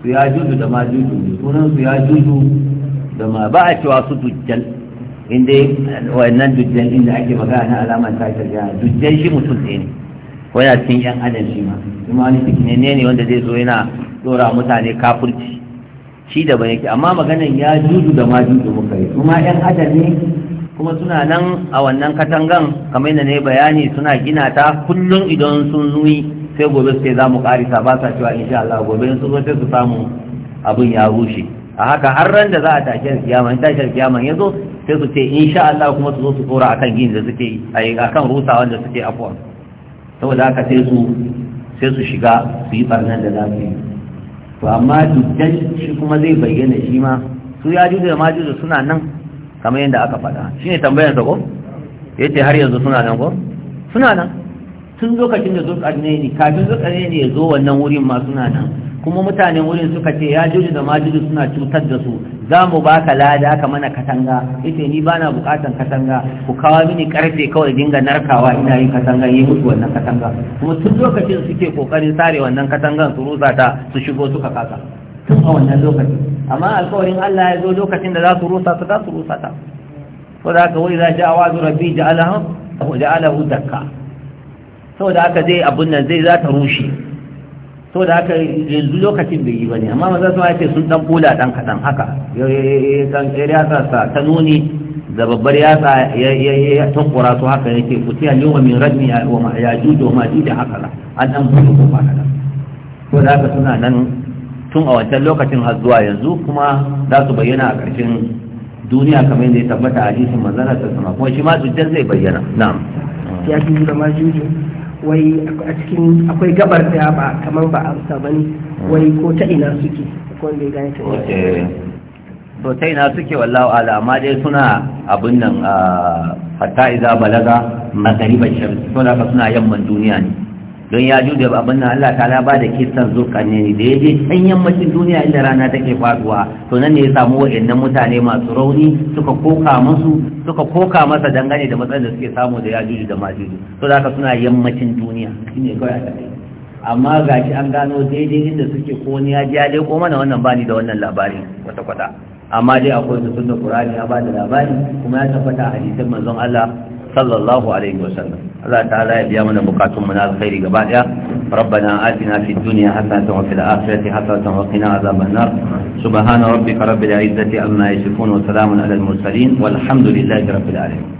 Speaker 1: su ya juju da ma juju ne sunan su ya juju da ma ba a cewa su dujjal inda wannan dujjal inda ake magana na alamar ta ya dujjal shi mutum ne ko yana cikin yan adam shi ma kuma wani cikin ne ne wanda zai zo yana dora mutane kafurci shi da bane ke. amma maganan ya juju da ma juju muka yi kuma yan adam ne kuma suna nan a wannan katangan kamar yadda ne bayani suna gina ta kullum idan sun nuyi sai gobe sai za mu karisa ba sa cewa insha Allah gobe sun zo sai su samu abin ya rushe a haka har ran da za a tashi kiyama in tashi kiyama yazo sai su ce insha Allah kuma su zo su tsora akan gini da suke ai akan rusa wanda suke afwa saboda haka sai su sai su shiga su yi barnan da za su yi to amma dukkan shi kuma zai bayyana shi ma su ya juju da majuju suna nan kamar yadda aka faɗa shi ne tambayar sa ko Yace har yanzu suna nan ko suna nan tun lokacin da zo ƙarni ne kafin zo ƙarni ne ya zo wannan wurin ma suna nan kuma mutanen wurin suka ce ya juju da majuju suna cutar da su za mu ba ka lada ka mana katanga ita ni ba na bukatan katanga ku kawo mini karfe kawai dinga narkawa ina yin katanga yi musu wannan katanga kuma tun lokacin suke kokarin sare wannan katangan su rusa ta su shigo suka kasa tun a wannan lokacin amma alkawarin Allah ya zo lokacin da za su rusa su za su rusa ta ko da haka wai za ji awazu rabbi ja'alahu ja'alahu dakka saboda haka zai abun nan zai za ta rushe so da haka yanzu lokacin bai yi ba ne amma maza su ce sun dan kula dan kaɗan haka kan tsere sa ta nuni da babbar yatsa ya tankura su haka yake fitiya yau wa min radmi ya ya ma ji da haka la an dan kula ko ba kaɗan so da haka suna nan tun a wancan lokacin har zuwa yanzu kuma za su bayyana a ƙarshen duniya kamar yadda ya tabbata a hadisin manzara ta sama kuma shi ma zujjan zai bayyana na'am ya
Speaker 2: juju da majuju wai a cikin akwai gabar da ba kamar ba amsa ba ne wai ko ta ina suke ko ne ya gane ta eh,
Speaker 1: to ta ina suke wallahu ala amma dai suna abin nan ah, hatta iza balaga magariban shamsi suna ka suna yamman duniya ne don ya ju da abin nan Allah ta'ala ba da kisan kanne ne da ya je can yammacin duniya inda rana take faduwa to nan ne ya samu wa'annan mutane masu rauni suka koka musu suka koka masa dangane da matsalar da suke samu da ya juju da majuju to da suna yammacin duniya shine kawai aka kai amma ga shi an gano daidai inda suke ko ni ya ja dai ko mana wannan bani da wannan labarin kwata kwata amma dai akwai su sunna qur'ani ya bada labari kuma ya tabbata hadisin manzon Allah صلى الله عليه وسلم الله تعالى biya mana بقاتم من الخير alkhairi ربنا آتنا في الدنيا حسنة وفي الآخرة حسنة وقنا عذاب النار سبحان ربك رب العزة عما يشفون وسلام على المرسلين والحمد لله رب العالمين